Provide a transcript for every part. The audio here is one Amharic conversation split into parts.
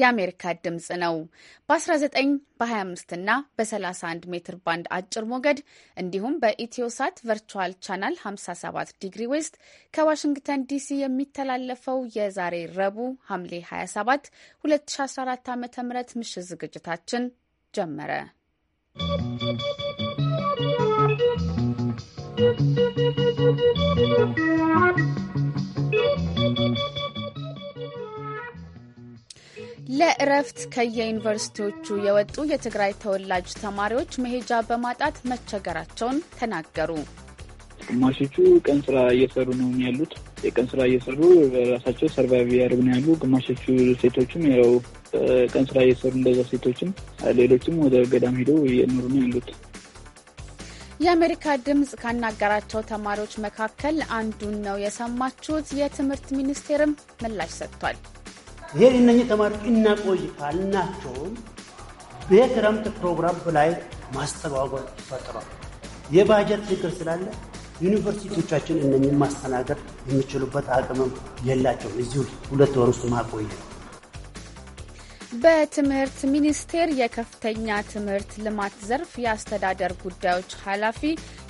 የአሜሪካ ድምፅ ነው። በ19 በ25 እና በ31 ሜትር ባንድ አጭር ሞገድ እንዲሁም በኢትዮሳት ቨርቹዋል ቻናል 57 ዲግሪ ዌስት ከዋሽንግተን ዲሲ የሚተላለፈው የዛሬ ረቡዕ ሐምሌ 27 2014 ዓ ም ምሽት ዝግጅታችን ጀመረ። ¶¶ ለእረፍት ከየዩኒቨርሲቲዎቹ የወጡ የትግራይ ተወላጅ ተማሪዎች መሄጃ በማጣት መቸገራቸውን ተናገሩ። ግማሾቹ ቀን ስራ እየሰሩ ነው ያሉት። የቀን ስራ እየሰሩ ራሳቸው ሰርቫይቭ ያደርጉ ነው ያሉ። ግማሾቹ ሴቶችም ያው ቀን ስራ እየሰሩ እንደዛ፣ ሴቶችም ሌሎችም ወደ ገዳም ሄደው እየኖሩ ነው ያሉት። የአሜሪካ ድምፅ ካናገራቸው ተማሪዎች መካከል አንዱን ነው የሰማችሁት። የትምህርት ሚኒስቴርም ምላሽ ሰጥቷል። ይሄ እነኚህ ተማሪዎች እናቆይ ካልናቸውም በክረምት ፕሮግራም ላይ ማስተጓጎል ይፈጥራል። የባጀት ችግር ስላለ ዩኒቨርሲቲዎቻችን እነኝን ማስተናገድ የሚችሉበት አቅምም የላቸውም። እዚሁ ሁለት ወር ውስጥ ማቆየ በትምህርት ሚኒስቴር የከፍተኛ ትምህርት ልማት ዘርፍ የአስተዳደር ጉዳዮች ኃላፊ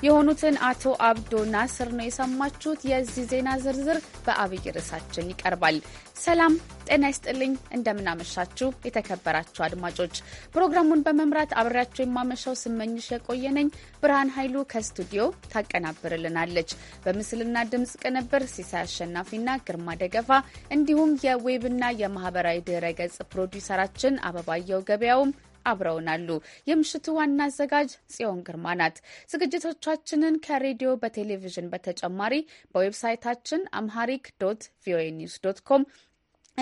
የሆኑትን አቶ አብዶ ናስር ነው የሰማችሁት። የዚህ ዜና ዝርዝር በአብይ ርዕሳችን ይቀርባል። ሰላም ጤና ይስጥልኝ። እንደምናመሻችሁ የተከበራችሁ አድማጮች፣ ፕሮግራሙን በመምራት አብሬያችሁ የማመሻው ስመኝሽ የቆየነኝ ብርሃን ኃይሉ ከስቱዲዮ ታቀናብርልናለች። በምስልና ድምፅ ቅንብር ሲሳይ አሸናፊና ግርማ ደገፋ እንዲሁም የዌብና የማህበራዊ ድረ ገጽ ፕሮዲውሰራችን አበባየው ገበያውም አብረውናሉ። የምሽቱ ዋና አዘጋጅ ጽዮን ግርማ ናት። ዝግጅቶቻችንን ከሬዲዮ በቴሌቪዥን በተጨማሪ በዌብሳይታችን አምሃሪክ ዶት ቪኦኤ ኒውስ ዶት ኮም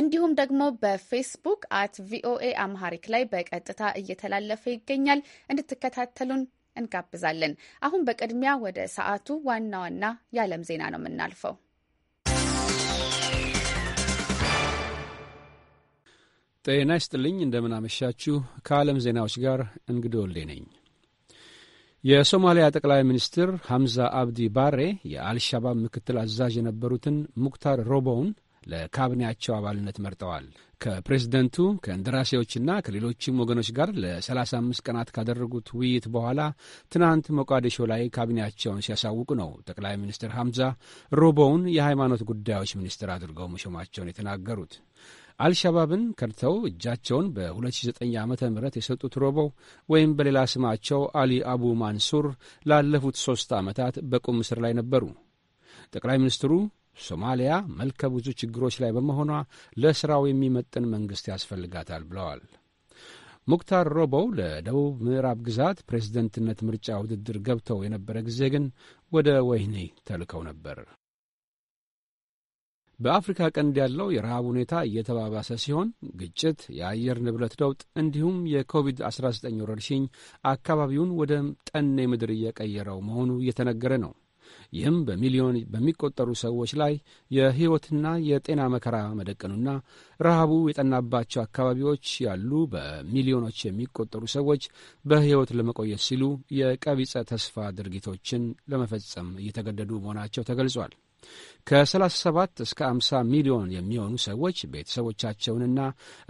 እንዲሁም ደግሞ በፌስቡክ አት ቪኦኤ አምሃሪክ ላይ በቀጥታ እየተላለፈ ይገኛል። እንድትከታተሉን እንጋብዛለን። አሁን በቅድሚያ ወደ ሰዓቱ ዋና ዋና የዓለም ዜና ነው የምናልፈው። ጤና ይስጥልኝ፣ እንደምናመሻችሁ። ከዓለም ዜናዎች ጋር እንግዶ ወልዴ ነኝ። የሶማሊያ ጠቅላይ ሚኒስትር ሐምዛ አብዲ ባሬ የአልሻባብ ምክትል አዛዥ የነበሩትን ሙክታር ሮቦውን ለካቢኔያቸው አባልነት መርጠዋል። ከፕሬዝደንቱ ከእንደራሴዎችና ከሌሎችም ወገኖች ጋር ለ35 ቀናት ካደረጉት ውይይት በኋላ ትናንት ሞቃዲሾ ላይ ካቢኔያቸውን ሲያሳውቁ ነው ጠቅላይ ሚኒስትር ሐምዛ ሮቦውን የሃይማኖት ጉዳዮች ሚኒስትር አድርገው መሾማቸውን የተናገሩት። አልሻባብን ከድተው እጃቸውን በ2009 ዓ ም የሰጡት ሮቦ ወይም በሌላ ስማቸው አሊ አቡ ማንሱር ላለፉት ሦስት ዓመታት በቁም እስር ላይ ነበሩ። ጠቅላይ ሚኒስትሩ ሶማሊያ መልከ ብዙ ችግሮች ላይ በመሆኗ ለሥራው የሚመጥን መንግሥት ያስፈልጋታል ብለዋል። ሙክታር ሮቦው ለደቡብ ምዕራብ ግዛት ፕሬዝደንትነት ምርጫ ውድድር ገብተው የነበረ ጊዜ ግን ወደ ወህኒ ተልከው ነበር። በአፍሪካ ቀንድ ያለው የረሃብ ሁኔታ እየተባባሰ ሲሆን ግጭት፣ የአየር ንብረት ለውጥ እንዲሁም የኮቪድ-19 ወረርሽኝ አካባቢውን ወደ ጠኔ ምድር እየቀየረው መሆኑ እየተነገረ ነው። ይህም በሚሊዮን በሚቆጠሩ ሰዎች ላይ የሕይወትና የጤና መከራ መደቀኑና ረሃቡ የጠናባቸው አካባቢዎች ያሉ በሚሊዮኖች የሚቆጠሩ ሰዎች በሕይወት ለመቆየት ሲሉ የቀቢጸ ተስፋ ድርጊቶችን ለመፈጸም እየተገደዱ መሆናቸው ተገልጿል። ከ37 እስከ 50 ሚሊዮን የሚሆኑ ሰዎች ቤተሰቦቻቸውንና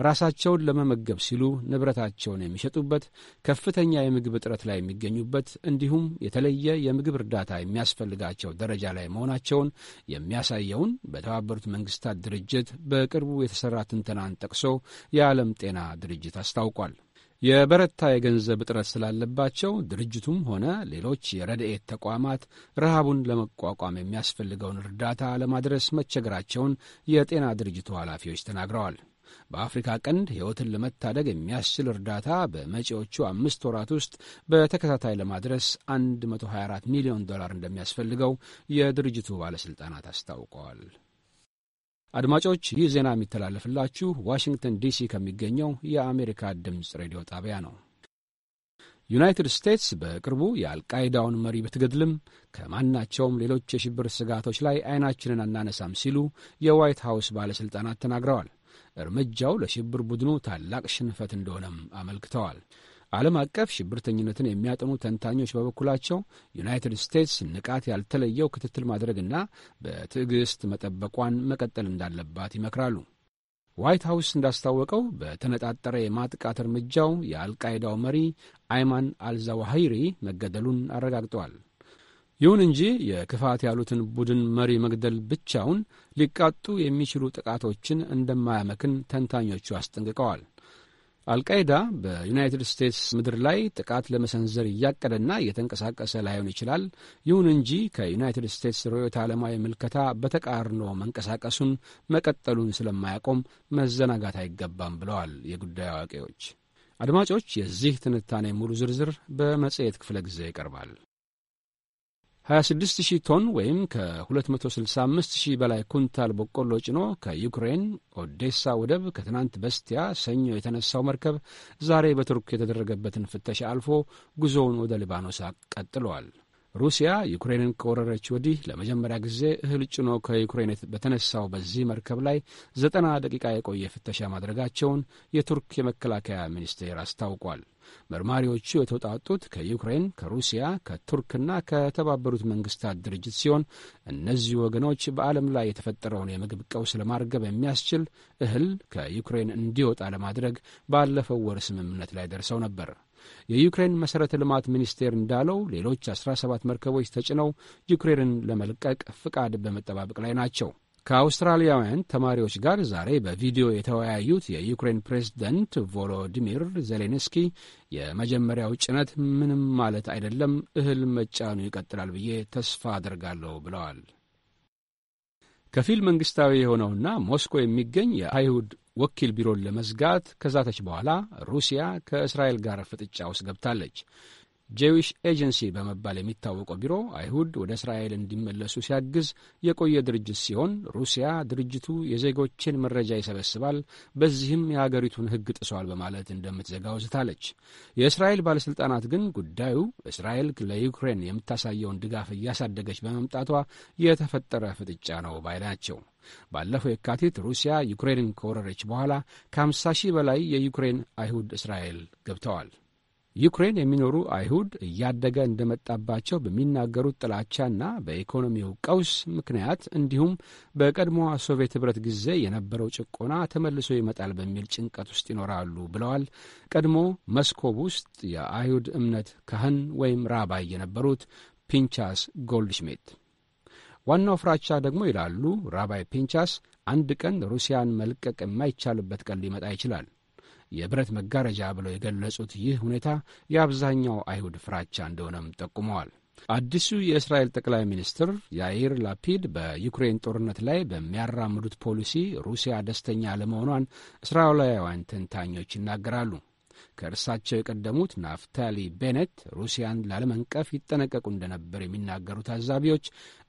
ራሳቸውን ለመመገብ ሲሉ ንብረታቸውን የሚሸጡበት፣ ከፍተኛ የምግብ እጥረት ላይ የሚገኙበት እንዲሁም የተለየ የምግብ እርዳታ የሚያስፈልጋቸው ደረጃ ላይ መሆናቸውን የሚያሳየውን በተባበሩት መንግስታት ድርጅት በቅርቡ የተሠራ ትንተናን ጠቅሶ የዓለም ጤና ድርጅት አስታውቋል። የበረታ የገንዘብ እጥረት ስላለባቸው ድርጅቱም ሆነ ሌሎች የረድኤት ተቋማት ረሃቡን ለመቋቋም የሚያስፈልገውን እርዳታ ለማድረስ መቸገራቸውን የጤና ድርጅቱ ኃላፊዎች ተናግረዋል። በአፍሪካ ቀንድ ሕይወትን ለመታደግ የሚያስችል እርዳታ በመጪዎቹ አምስት ወራት ውስጥ በተከታታይ ለማድረስ 124 ሚሊዮን ዶላር እንደሚያስፈልገው የድርጅቱ ባለሥልጣናት አስታውቀዋል። አድማጮች ይህ ዜና የሚተላለፍላችሁ ዋሽንግተን ዲሲ ከሚገኘው የአሜሪካ ድምፅ ሬዲዮ ጣቢያ ነው። ዩናይትድ ስቴትስ በቅርቡ የአልቃይዳውን መሪ ብትገድልም ከማናቸውም ሌሎች የሽብር ስጋቶች ላይ አይናችንን አናነሳም ሲሉ የዋይት ሀውስ ባለሥልጣናት ተናግረዋል። እርምጃው ለሽብር ቡድኑ ታላቅ ሽንፈት እንደሆነም አመልክተዋል። ዓለም አቀፍ ሽብርተኝነትን የሚያጠኑ ተንታኞች በበኩላቸው ዩናይትድ ስቴትስ ንቃት ያልተለየው ክትትል ማድረግና በትዕግስት መጠበቋን መቀጠል እንዳለባት ይመክራሉ። ዋይት ሀውስ እንዳስታወቀው በተነጣጠረ የማጥቃት እርምጃው የአልቃይዳው መሪ አይማን አልዛዋሂሪ መገደሉን አረጋግጠዋል። ይሁን እንጂ የክፋት ያሉትን ቡድን መሪ መግደል ብቻውን ሊቃጡ የሚችሉ ጥቃቶችን እንደማያመክን ተንታኞቹ አስጠንቅቀዋል። አልቃይዳ በዩናይትድ ስቴትስ ምድር ላይ ጥቃት ለመሰንዘር እያቀደና እየተንቀሳቀሰ ላይሆን ይችላል። ይሁን እንጂ ከዩናይትድ ስቴትስ ርዕዮተ ዓለማዊ ምልከታ በተቃርኖ መንቀሳቀሱን መቀጠሉን ስለማያቆም መዘናጋት አይገባም ብለዋል የጉዳዩ አዋቂዎች። አድማጮች፣ የዚህ ትንታኔ ሙሉ ዝርዝር በመጽሔት ክፍለ ጊዜ ይቀርባል። 26,000 ቶን ወይም ከ265,000 በላይ ኩንታል በቆሎ ጭኖ ከዩክሬን ኦዴሳ ወደብ ከትናንት በስቲያ ሰኞ የተነሳው መርከብ ዛሬ በቱርክ የተደረገበትን ፍተሻ አልፎ ጉዞውን ወደ ሊባኖስ ቀጥሏል። ሩሲያ ዩክሬንን ከወረረች ወዲህ ለመጀመሪያ ጊዜ እህል ጭኖ ከዩክሬን በተነሳው በዚህ መርከብ ላይ ዘጠና ደቂቃ የቆየ ፍተሻ ማድረጋቸውን የቱርክ የመከላከያ ሚኒስቴር አስታውቋል። መርማሪዎቹ የተውጣጡት ከዩክሬን፣ ከሩሲያ፣ ከቱርክና ከተባበሩት መንግስታት ድርጅት ሲሆን እነዚህ ወገኖች በዓለም ላይ የተፈጠረውን የምግብ ቀውስ ለማርገብ የሚያስችል እህል ከዩክሬን እንዲወጣ ለማድረግ ባለፈው ወር ስምምነት ላይ ደርሰው ነበር። የዩክሬን መሠረተ ልማት ሚኒስቴር እንዳለው ሌሎች 17 መርከቦች ተጭነው ዩክሬንን ለመልቀቅ ፍቃድ በመጠባበቅ ላይ ናቸው። ከአውስትራሊያውያን ተማሪዎች ጋር ዛሬ በቪዲዮ የተወያዩት የዩክሬን ፕሬዝደንት ቮሎዲሚር ዜሌንስኪ የመጀመሪያው ጭነት ምንም ማለት አይደለም፣ እህል መጫኑ ይቀጥላል ብዬ ተስፋ አድርጋለሁ ብለዋል። ከፊል መንግሥታዊ የሆነውና ሞስኮ የሚገኝ የአይሁድ ወኪል ቢሮን ለመዝጋት ከዛተች በኋላ ሩሲያ ከእስራኤል ጋር ፍጥጫ ውስጥ ገብታለች። ጄዊሽ ኤጀንሲ በመባል የሚታወቀው ቢሮ አይሁድ ወደ እስራኤል እንዲመለሱ ሲያግዝ የቆየ ድርጅት ሲሆን ሩሲያ ድርጅቱ የዜጎችን መረጃ ይሰበስባል፣ በዚህም የአገሪቱን ሕግ ጥሷል በማለት እንደምትዘጋ አውስታለች። የእስራኤል ባለሥልጣናት ግን ጉዳዩ እስራኤል ለዩክሬን የምታሳየውን ድጋፍ እያሳደገች በመምጣቷ የተፈጠረ ፍጥጫ ነው ባይ ናቸው። ባለፈው የካቲት ሩሲያ ዩክሬንን ከወረረች በኋላ ከ50 ሺህ በላይ የዩክሬን አይሁድ እስራኤል ገብተዋል። ዩክሬን የሚኖሩ አይሁድ እያደገ እንደመጣባቸው በሚናገሩት ጥላቻና በኢኮኖሚው ቀውስ ምክንያት እንዲሁም በቀድሞዋ ሶቪየት ኅብረት ጊዜ የነበረው ጭቆና ተመልሶ ይመጣል በሚል ጭንቀት ውስጥ ይኖራሉ ብለዋል። ቀድሞ መስኮብ ውስጥ የአይሁድ እምነት ካህን ወይም ራባይ የነበሩት ፒንቻስ ጎልድሽሜት። ዋናው ፍራቻ ደግሞ ይላሉ ራባይ ፒንቻስ፣ አንድ ቀን ሩሲያን መልቀቅ የማይቻልበት ቀን ሊመጣ ይችላል የብረት መጋረጃ ብለው የገለጹት ይህ ሁኔታ የአብዛኛው አይሁድ ፍራቻ እንደሆነም ጠቁመዋል። አዲሱ የእስራኤል ጠቅላይ ሚኒስትር ያይር ላፒድ በዩክሬን ጦርነት ላይ በሚያራምዱት ፖሊሲ ሩሲያ ደስተኛ አለመሆኗን እስራኤላውያን ተንታኞች ይናገራሉ። ከእርሳቸው የቀደሙት ናፍታሊ ቤኔት ሩሲያን ላለመንቀፍ ይጠነቀቁ እንደነበር የሚናገሩ ታዛቢዎች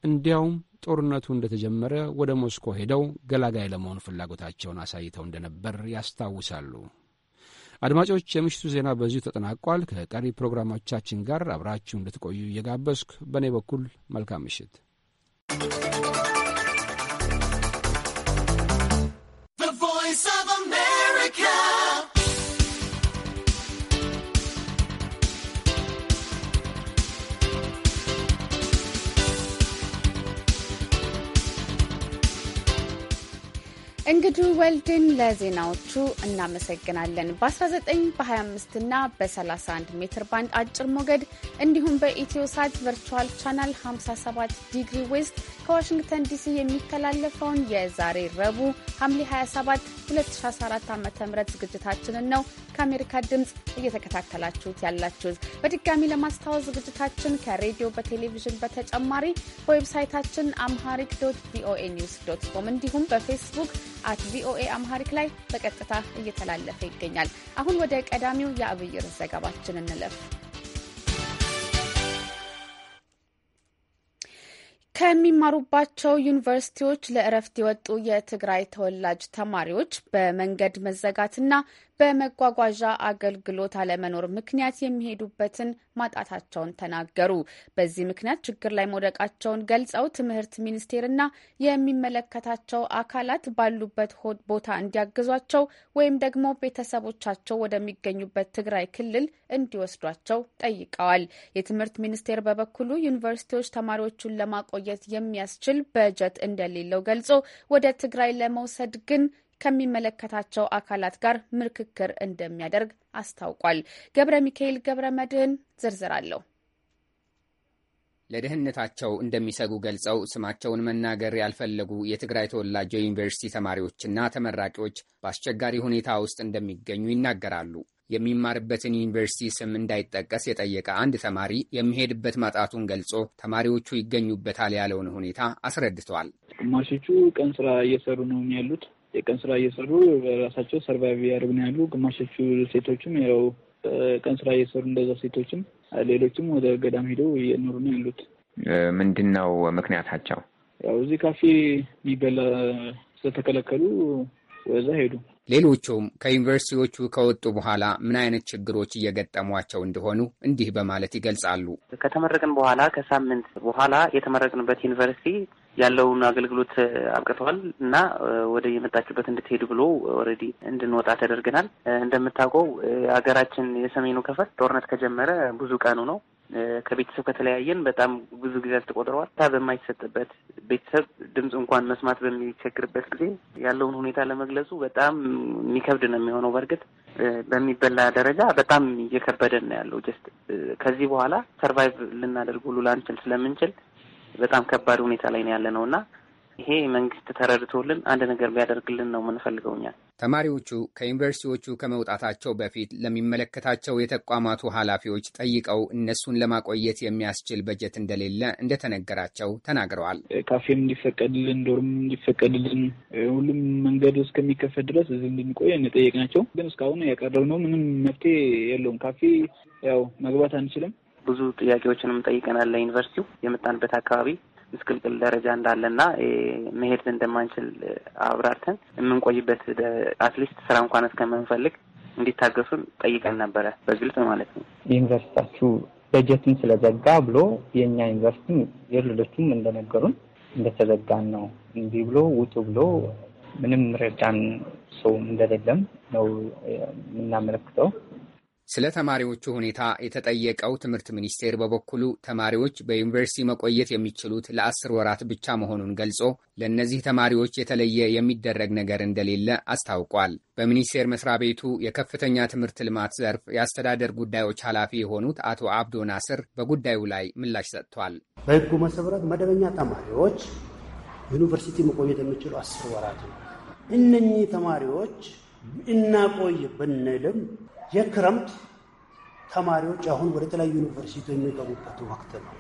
እንዲያውም ጦርነቱ እንደተጀመረ ወደ ሞስኮ ሄደው ገላጋይ ለመሆን ፍላጎታቸውን አሳይተው እንደነበር ያስታውሳሉ። አድማጮች፣ የምሽቱ ዜና በዚሁ ተጠናቋል። ከቀሪ ፕሮግራሞቻችን ጋር አብራችሁ እንድትቆዩ እየጋበዝኩ በእኔ በኩል መልካም ምሽት። እንግዱ ወልድን ለዜናዎቹ እናመሰግናለን። በ19 በ25 እና በ31 ሜትር ባንድ አጭር ሞገድ እንዲሁም በኢትዮሳት ቨርቹዋል ቻናል 57 ዲግሪ ዌስት ከዋሽንግተን ዲሲ የሚተላለፈውን የዛሬ ረቡዕ ሐምሌ 27 2014 ዓ ም ዝግጅታችንን ነው ከአሜሪካ ድምፅ እየተከታተላችሁት ያላችሁት። በድጋሚ ለማስታወስ ዝግጅታችን ከሬዲዮ በቴሌቪዥን በተጨማሪ በዌብሳይታችን አምሃሪክ ዶት ቪኦኤ ኒውስ ዶት ኮም እንዲሁም በፌስቡክ አት ቪኦኤ አምሃሪክ ላይ በቀጥታ እየተላለፈ ይገኛል። አሁን ወደ ቀዳሚው የአብይ ርዕስ ዘገባችን እንለፍ። ከሚማሩባቸው ዩኒቨርሲቲዎች ለእረፍት የወጡ የትግራይ ተወላጅ ተማሪዎች በመንገድ መዘጋትና በመጓጓዣ አገልግሎት አለመኖር ምክንያት የሚሄዱበትን ማጣታቸውን ተናገሩ። በዚህ ምክንያት ችግር ላይ መውደቃቸውን ገልጸው ትምህርት ሚኒስቴርና የሚመለከታቸው አካላት ባሉበት ቦታ እንዲያግዟቸው ወይም ደግሞ ቤተሰቦቻቸው ወደሚገኙበት ትግራይ ክልል እንዲወስዷቸው ጠይቀዋል። የትምህርት ሚኒስቴር በበኩሉ ዩኒቨርሲቲዎች ተማሪዎቹን ለማቆየት የሚያስችል በጀት እንደሌለው ገልጾ ወደ ትግራይ ለመውሰድ ግን ከሚመለከታቸው አካላት ጋር ምክክር እንደሚያደርግ አስታውቋል። ገብረ ሚካኤል ገብረ መድህን ዝርዝር አለው። ለደህንነታቸው እንደሚሰጉ ገልጸው ስማቸውን መናገር ያልፈለጉ የትግራይ ተወላጅ የዩኒቨርሲቲ ተማሪዎችና ተመራቂዎች በአስቸጋሪ ሁኔታ ውስጥ እንደሚገኙ ይናገራሉ። የሚማርበትን ዩኒቨርሲቲ ስም እንዳይጠቀስ የጠየቀ አንድ ተማሪ የሚሄድበት ማጣቱን ገልጾ ተማሪዎቹ ይገኙበታል ያለውን ሁኔታ አስረድተዋል። ግማሾቹ ቀን ስራ እየሰሩ ነው ያሉት። የቀን ስራ እየሰሩ በራሳቸው ሰርቫይቭ እያደረጉ ነው ያሉ። ግማሾቹ ሴቶችም ያው ቀን ስራ እየሰሩ እንደዛ፣ ሴቶችም ሌሎችም ወደ ገዳም ሄደው እየኖሩ ነው ያሉት። ምንድን ነው ምክንያታቸው? ያው እዚህ ካፌ የሚበላ ስለተከለከሉ ወዛ ሄዱ። ሌሎቹም ከዩኒቨርሲቲዎቹ ከወጡ በኋላ ምን አይነት ችግሮች እየገጠሟቸው እንደሆኑ እንዲህ በማለት ይገልጻሉ። ከተመረቅን በኋላ ከሳምንት በኋላ የተመረቅንበት ዩኒቨርሲቲ ያለውን አገልግሎት አብቅተዋል እና ወደ የመጣችበት እንድትሄድ ብሎ ኦልሬዲ እንድንወጣ ተደርገናል። እንደምታውቀው ሀገራችን የሰሜኑ ክፍል ጦርነት ከጀመረ ብዙ ቀኑ ነው። ከቤተሰብ ከተለያየን በጣም ብዙ ጊዜ ተቆጥረዋል። ታ በማይሰጥበት ቤተሰብ ድምፅ እንኳን መስማት በሚቸግርበት ጊዜ ያለውን ሁኔታ ለመግለጹ በጣም የሚከብድ ነው የሚሆነው። በእርግጥ በሚበላ ደረጃ በጣም እየከበደን ነው ያለው። ጀስት ከዚህ በኋላ ሰርቫይቭ ልናደርግ ሁሉ ላንችል ስለምንችል በጣም ከባድ ሁኔታ ላይ ነው ያለ ነው እና ይሄ መንግስት ተረድቶልን አንድ ነገር ቢያደርግልን ነው የምንፈልገው ተማሪዎቹ ከዩኒቨርሲቲዎቹ ከመውጣታቸው በፊት ለሚመለከታቸው የተቋማቱ ኃላፊዎች ጠይቀው እነሱን ለማቆየት የሚያስችል በጀት እንደሌለ እንደተነገራቸው ተናግረዋል። ካፌም እንዲፈቀድልን፣ ዶርም እንዲፈቀድልን፣ ሁሉም መንገድ እስከሚከፈት ድረስ እዚህ እንድንቆይ ናቸው። ግን እስካሁን ያቀረብነው ምንም መፍትሄ የለውም። ካፌ ያው መግባት አንችልም ብዙ ጥያቄዎችንም ጠይቀናል ለዩኒቨርሲቲው የመጣንበት አካባቢ ምስቅልቅል ደረጃ እንዳለና መሄድ እንደማንችል አብራርተን የምንቆይበት አትሊስት ስራ እንኳን እስከምንፈልግ እንዲታገሱን ጠይቀን ነበረ፣ በግልጽ ማለት ነው። ዩኒቨርሲታችሁ በጀትን ስለዘጋ ብሎ የእኛ ዩኒቨርሲቲ የሌሎቹም እንደነገሩን እንደተዘጋን ነው እንዲህ ብሎ ውጡ ብሎ ምንም ረዳን ሰውም እንደሌለም ነው የምናመለክተው። ስለ ተማሪዎቹ ሁኔታ የተጠየቀው ትምህርት ሚኒስቴር በበኩሉ ተማሪዎች በዩኒቨርሲቲ መቆየት የሚችሉት ለአስር ወራት ብቻ መሆኑን ገልጾ ለእነዚህ ተማሪዎች የተለየ የሚደረግ ነገር እንደሌለ አስታውቋል። በሚኒስቴር መስሪያ ቤቱ የከፍተኛ ትምህርት ልማት ዘርፍ የአስተዳደር ጉዳዮች ኃላፊ የሆኑት አቶ አብዶ ናስር በጉዳዩ ላይ ምላሽ ሰጥቷል። በህጉ መሰረት መደበኛ ተማሪዎች ዩኒቨርሲቲ መቆየት የሚችሉ አስር ወራት ነው። እነኚህ ተማሪዎች እናቆይ ብንልም የክረምት ተማሪዎች አሁን ወደ ተለያዩ ዩኒቨርሲቲ የሚገቡበት ወቅት ነው።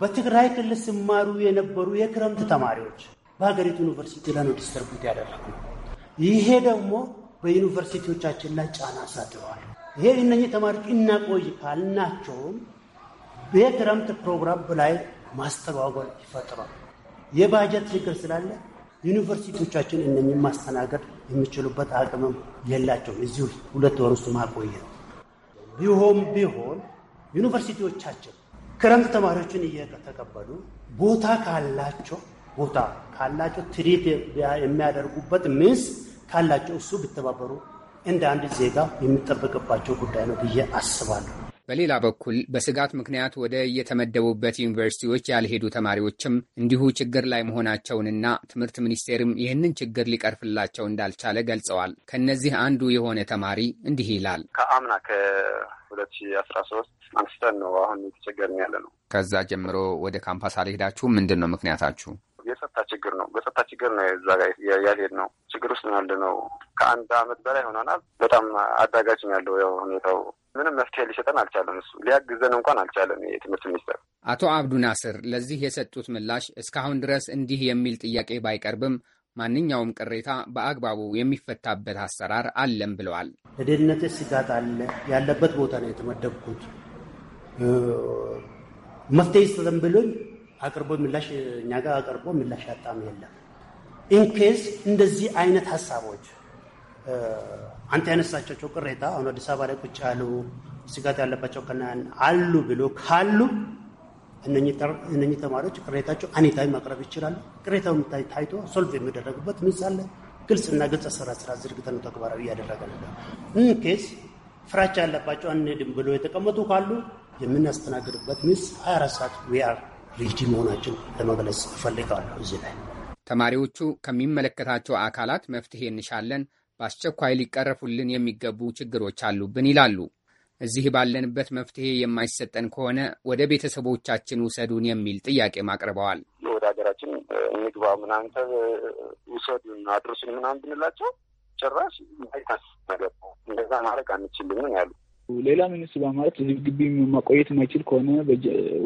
በትግራይ ክልል ሲማሩ የነበሩ የክረምት ተማሪዎች በሀገሪቱ ዩኒቨርሲቲ ለነው ነው ያደረጉ። ይሄ ደግሞ በዩኒቨርሲቲዎቻችን ላይ ጫና አሳድረዋል። ይሄ እነኚህ ተማሪዎች እናቆይ ካልናቸውም የክረምት ፕሮግራም ላይ ማስተጓጎል ይፈጥራል። የባጀት ችግር ስላለ ዩኒቨርሲቲዎቻችን እነኝህ ማስተናገድ የሚችሉበት አቅምም የላቸውም። እዚሁ ሁለት ወር ውስጥ ማቆየ ቢሆን ቢሆን ዩኒቨርሲቲዎቻችን ክረምት ተማሪዎችን እየተቀበሉ ቦታ ካላቸው ቦታ ካላቸው ትሪት የሚያደርጉበት ምስ ካላቸው እሱ ቢተባበሩ እንደ አንድ ዜጋ የሚጠበቅባቸው ጉዳይ ነው ብዬ አስባለሁ። በሌላ በኩል በስጋት ምክንያት ወደ የተመደቡበት ዩኒቨርሲቲዎች ያልሄዱ ተማሪዎችም እንዲሁ ችግር ላይ መሆናቸውንና ትምህርት ሚኒስቴርም ይህንን ችግር ሊቀርፍላቸው እንዳልቻለ ገልጸዋል። ከእነዚህ አንዱ የሆነ ተማሪ እንዲህ ይላል። ከአምና ከሁለት ሺህ አስራ ሶስት አንስተን ነው አሁን የተቸገርን ያለ ነው። ከዛ ጀምሮ ወደ ካምፓስ አልሄዳችሁም? ምንድን ነው ምክንያታችሁ? የጸጥታ ችግር ነው። በጸጥታ ችግር ነው እዛ ጋር ያልሄድ ነው። ችግር ውስጥ ነው ያለ ነው። ከአንድ አመት በላይ ሆነናል። በጣም አዳጋች ነው ያለው ያው ሁኔታው ምንም መፍትሄ ሊሰጠን አልቻለም። እሱ ሊያግዘን እንኳን አልቻለም የትምህርት ሚኒስቴር። አቶ አብዱ ናስር ለዚህ የሰጡት ምላሽ እስካሁን ድረስ እንዲህ የሚል ጥያቄ ባይቀርብም ማንኛውም ቅሬታ በአግባቡ የሚፈታበት አሰራር አለም ብለዋል። ለደህንነት ስጋት አለ ያለበት ቦታ ነው የተመደብኩት። መፍትሄ ይሰጠን ብሎኝ አቅርቦ ምላሽ እኛ ጋር አቅርቦ ምላሽ ያጣም የለም። ኢንኬስ እንደዚህ አይነት ሀሳቦች አንተ ያነሳቸው ቅሬታ አሁን አዲስ አበባ ላይ ቁጭ ያሉ ስጋት ያለባቸው ከናን አሉ ብሎ ካሉ እነኚህ ተማሪዎች ቅሬታቸው አኔታዊ ማቅረብ ይችላሉ። ቅሬታው የሚታይ ታይቶ ሶልቭ የሚደረጉበት ምንስ አለ። ግልጽና ግልጽ ስራ ስራ ዝርግተ ነው ተግባራዊ እያደረገ ነበር። ኢንኬስ ፍራቻ ያለባቸው አንሄድም ብሎ የተቀመጡ ካሉ የምናስተናግድበት ምስ ሀያ አራት ሰዓት ዊአር ሬዲ መሆናችን ለመግለጽ እፈልጋለሁ። እዚህ ላይ ተማሪዎቹ ከሚመለከታቸው አካላት መፍትሄ እንሻለን በአስቸኳይ ሊቀረፉልን የሚገቡ ችግሮች አሉብን ይላሉ። እዚህ ባለንበት መፍትሄ የማይሰጠን ከሆነ ወደ ቤተሰቦቻችን ውሰዱን የሚል ጥያቄ ማቅርበዋል። ወደ ሀገራችን እንግባ ምናንተ ውሰዱን አድርሱን ምናምን ብንላቸው ጭራሽ ማይታስ ነገር እንደዛ ማድረግ አንችልም ያሉ ሌላ ሚኒስ በማለት ግቢ ማቆየት የማይችል ከሆነ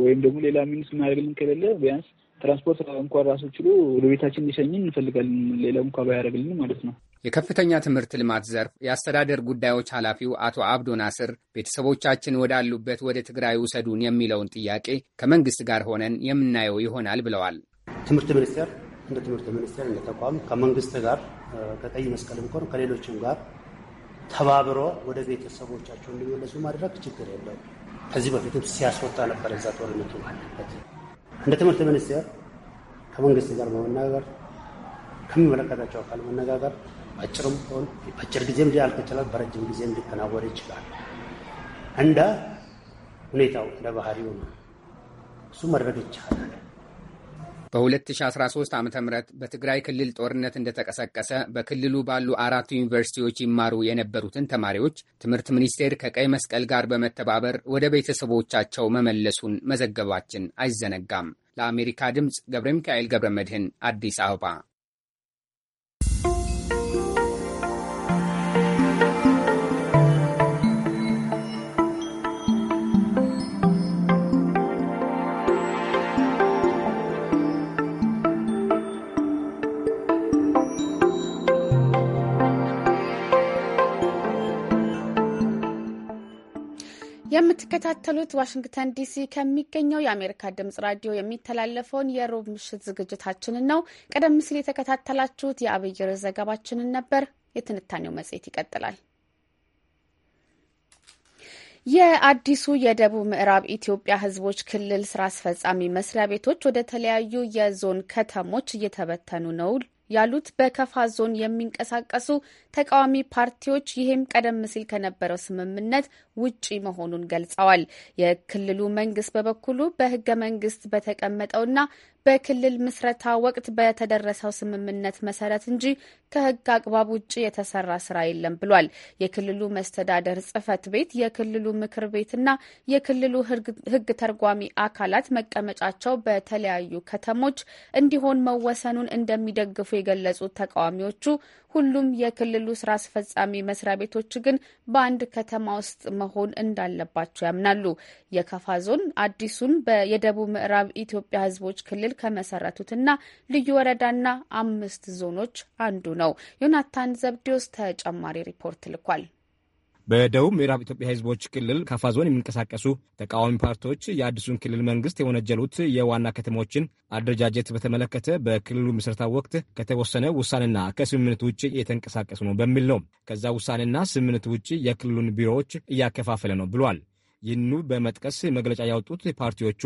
ወይም ደግሞ ሌላ ሚኒስ ምናደርግልን ከሌለ ቢያንስ ትራንስፖርት እንኳን ራሱ ችሎ ወደ ቤታችን ሊሸኝን እንፈልጋለን። ሌላ እንኳ ባያደርግልን ማለት ነው። የከፍተኛ ትምህርት ልማት ዘርፍ የአስተዳደር ጉዳዮች ኃላፊው አቶ አብዶ ናስር ቤተሰቦቻችን ወዳሉበት ወደ ትግራይ ውሰዱን የሚለውን ጥያቄ ከመንግስት ጋር ሆነን የምናየው ይሆናል ብለዋል። ትምህርት ሚኒስቴር እንደ ትምህርት ሚኒስቴር እንደ ተቋም ከመንግስት ጋር ከቀይ መስቀልም ኮን ከሌሎችም ጋር ተባብሮ ወደ ቤተሰቦቻቸው እንዲመለሱ ማድረግ ችግር የለውም። ከዚህ በፊትም ሲያስወጣ ነበር። እዛ ጦርነቱ ማለበት እንደ ትምህርት ሚኒስቴር ከመንግስት ጋር በመነጋገር ከሚመለከታቸው አካል መነጋገር አጭርም ሆን በአጭር ጊዜም ሊያልቅ ይችላል፣ በረጅም ጊዜም ሊከናወን ይችላል። እንደ ሁኔታው እንደ ባህሪው ነው። እሱ መድረግ ይቻላል። በ2013 ዓ ም በትግራይ ክልል ጦርነት እንደተቀሰቀሰ በክልሉ ባሉ አራት ዩኒቨርሲቲዎች ይማሩ የነበሩትን ተማሪዎች ትምህርት ሚኒስቴር ከቀይ መስቀል ጋር በመተባበር ወደ ቤተሰቦቻቸው መመለሱን መዘገባችን አይዘነጋም። ለአሜሪካ ድምፅ ገብረ ሚካኤል ገብረ መድህን አዲስ አበባ የምትከታተሉት ዋሽንግተን ዲሲ ከሚገኘው የአሜሪካ ድምጽ ራዲዮ የሚተላለፈውን የሮብ ምሽት ዝግጅታችንን ነው። ቀደም ሲል የተከታተላችሁት የአብይ ዘገባችንን ነበር። የትንታኔው መጽሔት ይቀጥላል። የአዲሱ የደቡብ ምዕራብ ኢትዮጵያ ሕዝቦች ክልል ስራ አስፈጻሚ መስሪያ ቤቶች ወደ ተለያዩ የዞን ከተሞች እየተበተኑ ነው ያሉት በከፋ ዞን የሚንቀሳቀሱ ተቃዋሚ ፓርቲዎች ይህም ቀደም ሲል ከነበረው ስምምነት ውጪ መሆኑን ገልጸዋል። የክልሉ መንግስት በበኩሉ በህገ መንግስት በተቀመጠውና በክልል ምስረታ ወቅት በተደረሰው ስምምነት መሰረት እንጂ ከህግ አግባብ ውጭ የተሰራ ስራ የለም ብሏል። የክልሉ መስተዳደር ጽህፈት ቤት፣ የክልሉ ምክር ቤትና የክልሉ ህግ ተርጓሚ አካላት መቀመጫቸው በተለያዩ ከተሞች እንዲሆን መወሰኑን እንደሚደግፉ የገለጹት ተቃዋሚዎቹ ሁሉም የክልሉ ስራ አስፈጻሚ መስሪያ ቤቶች ግን በአንድ ከተማ ውስጥ መሆን እንዳለባቸው ያምናሉ። የከፋ ዞን አዲሱን የደቡብ ምዕራብ ኢትዮጵያ ህዝቦች ክልል ከመሰረቱትና ልዩ ወረዳና አምስት ዞኖች አንዱ ነው። ዮናታን ዘብዴዎስ ተጨማሪ ሪፖርት ልኳል። በደቡብ ምዕራብ ኢትዮጵያ ሕዝቦች ክልል ካፋ ዞን የሚንቀሳቀሱ ተቃዋሚ ፓርቲዎች የአዲሱን ክልል መንግስት የወነጀሉት የዋና ከተሞችን አደረጃጀት በተመለከተ በክልሉ ምስረታ ወቅት ከተወሰነ ውሳኔና ከስምምነት ውጭ እየተንቀሳቀሱ ነው በሚል ነው። ከዛ ውሳኔና ስምምነት ውጭ የክልሉን ቢሮዎች እያከፋፈለ ነው ብሏል። ይህኑ በመጥቀስ መግለጫ ያወጡት ፓርቲዎቹ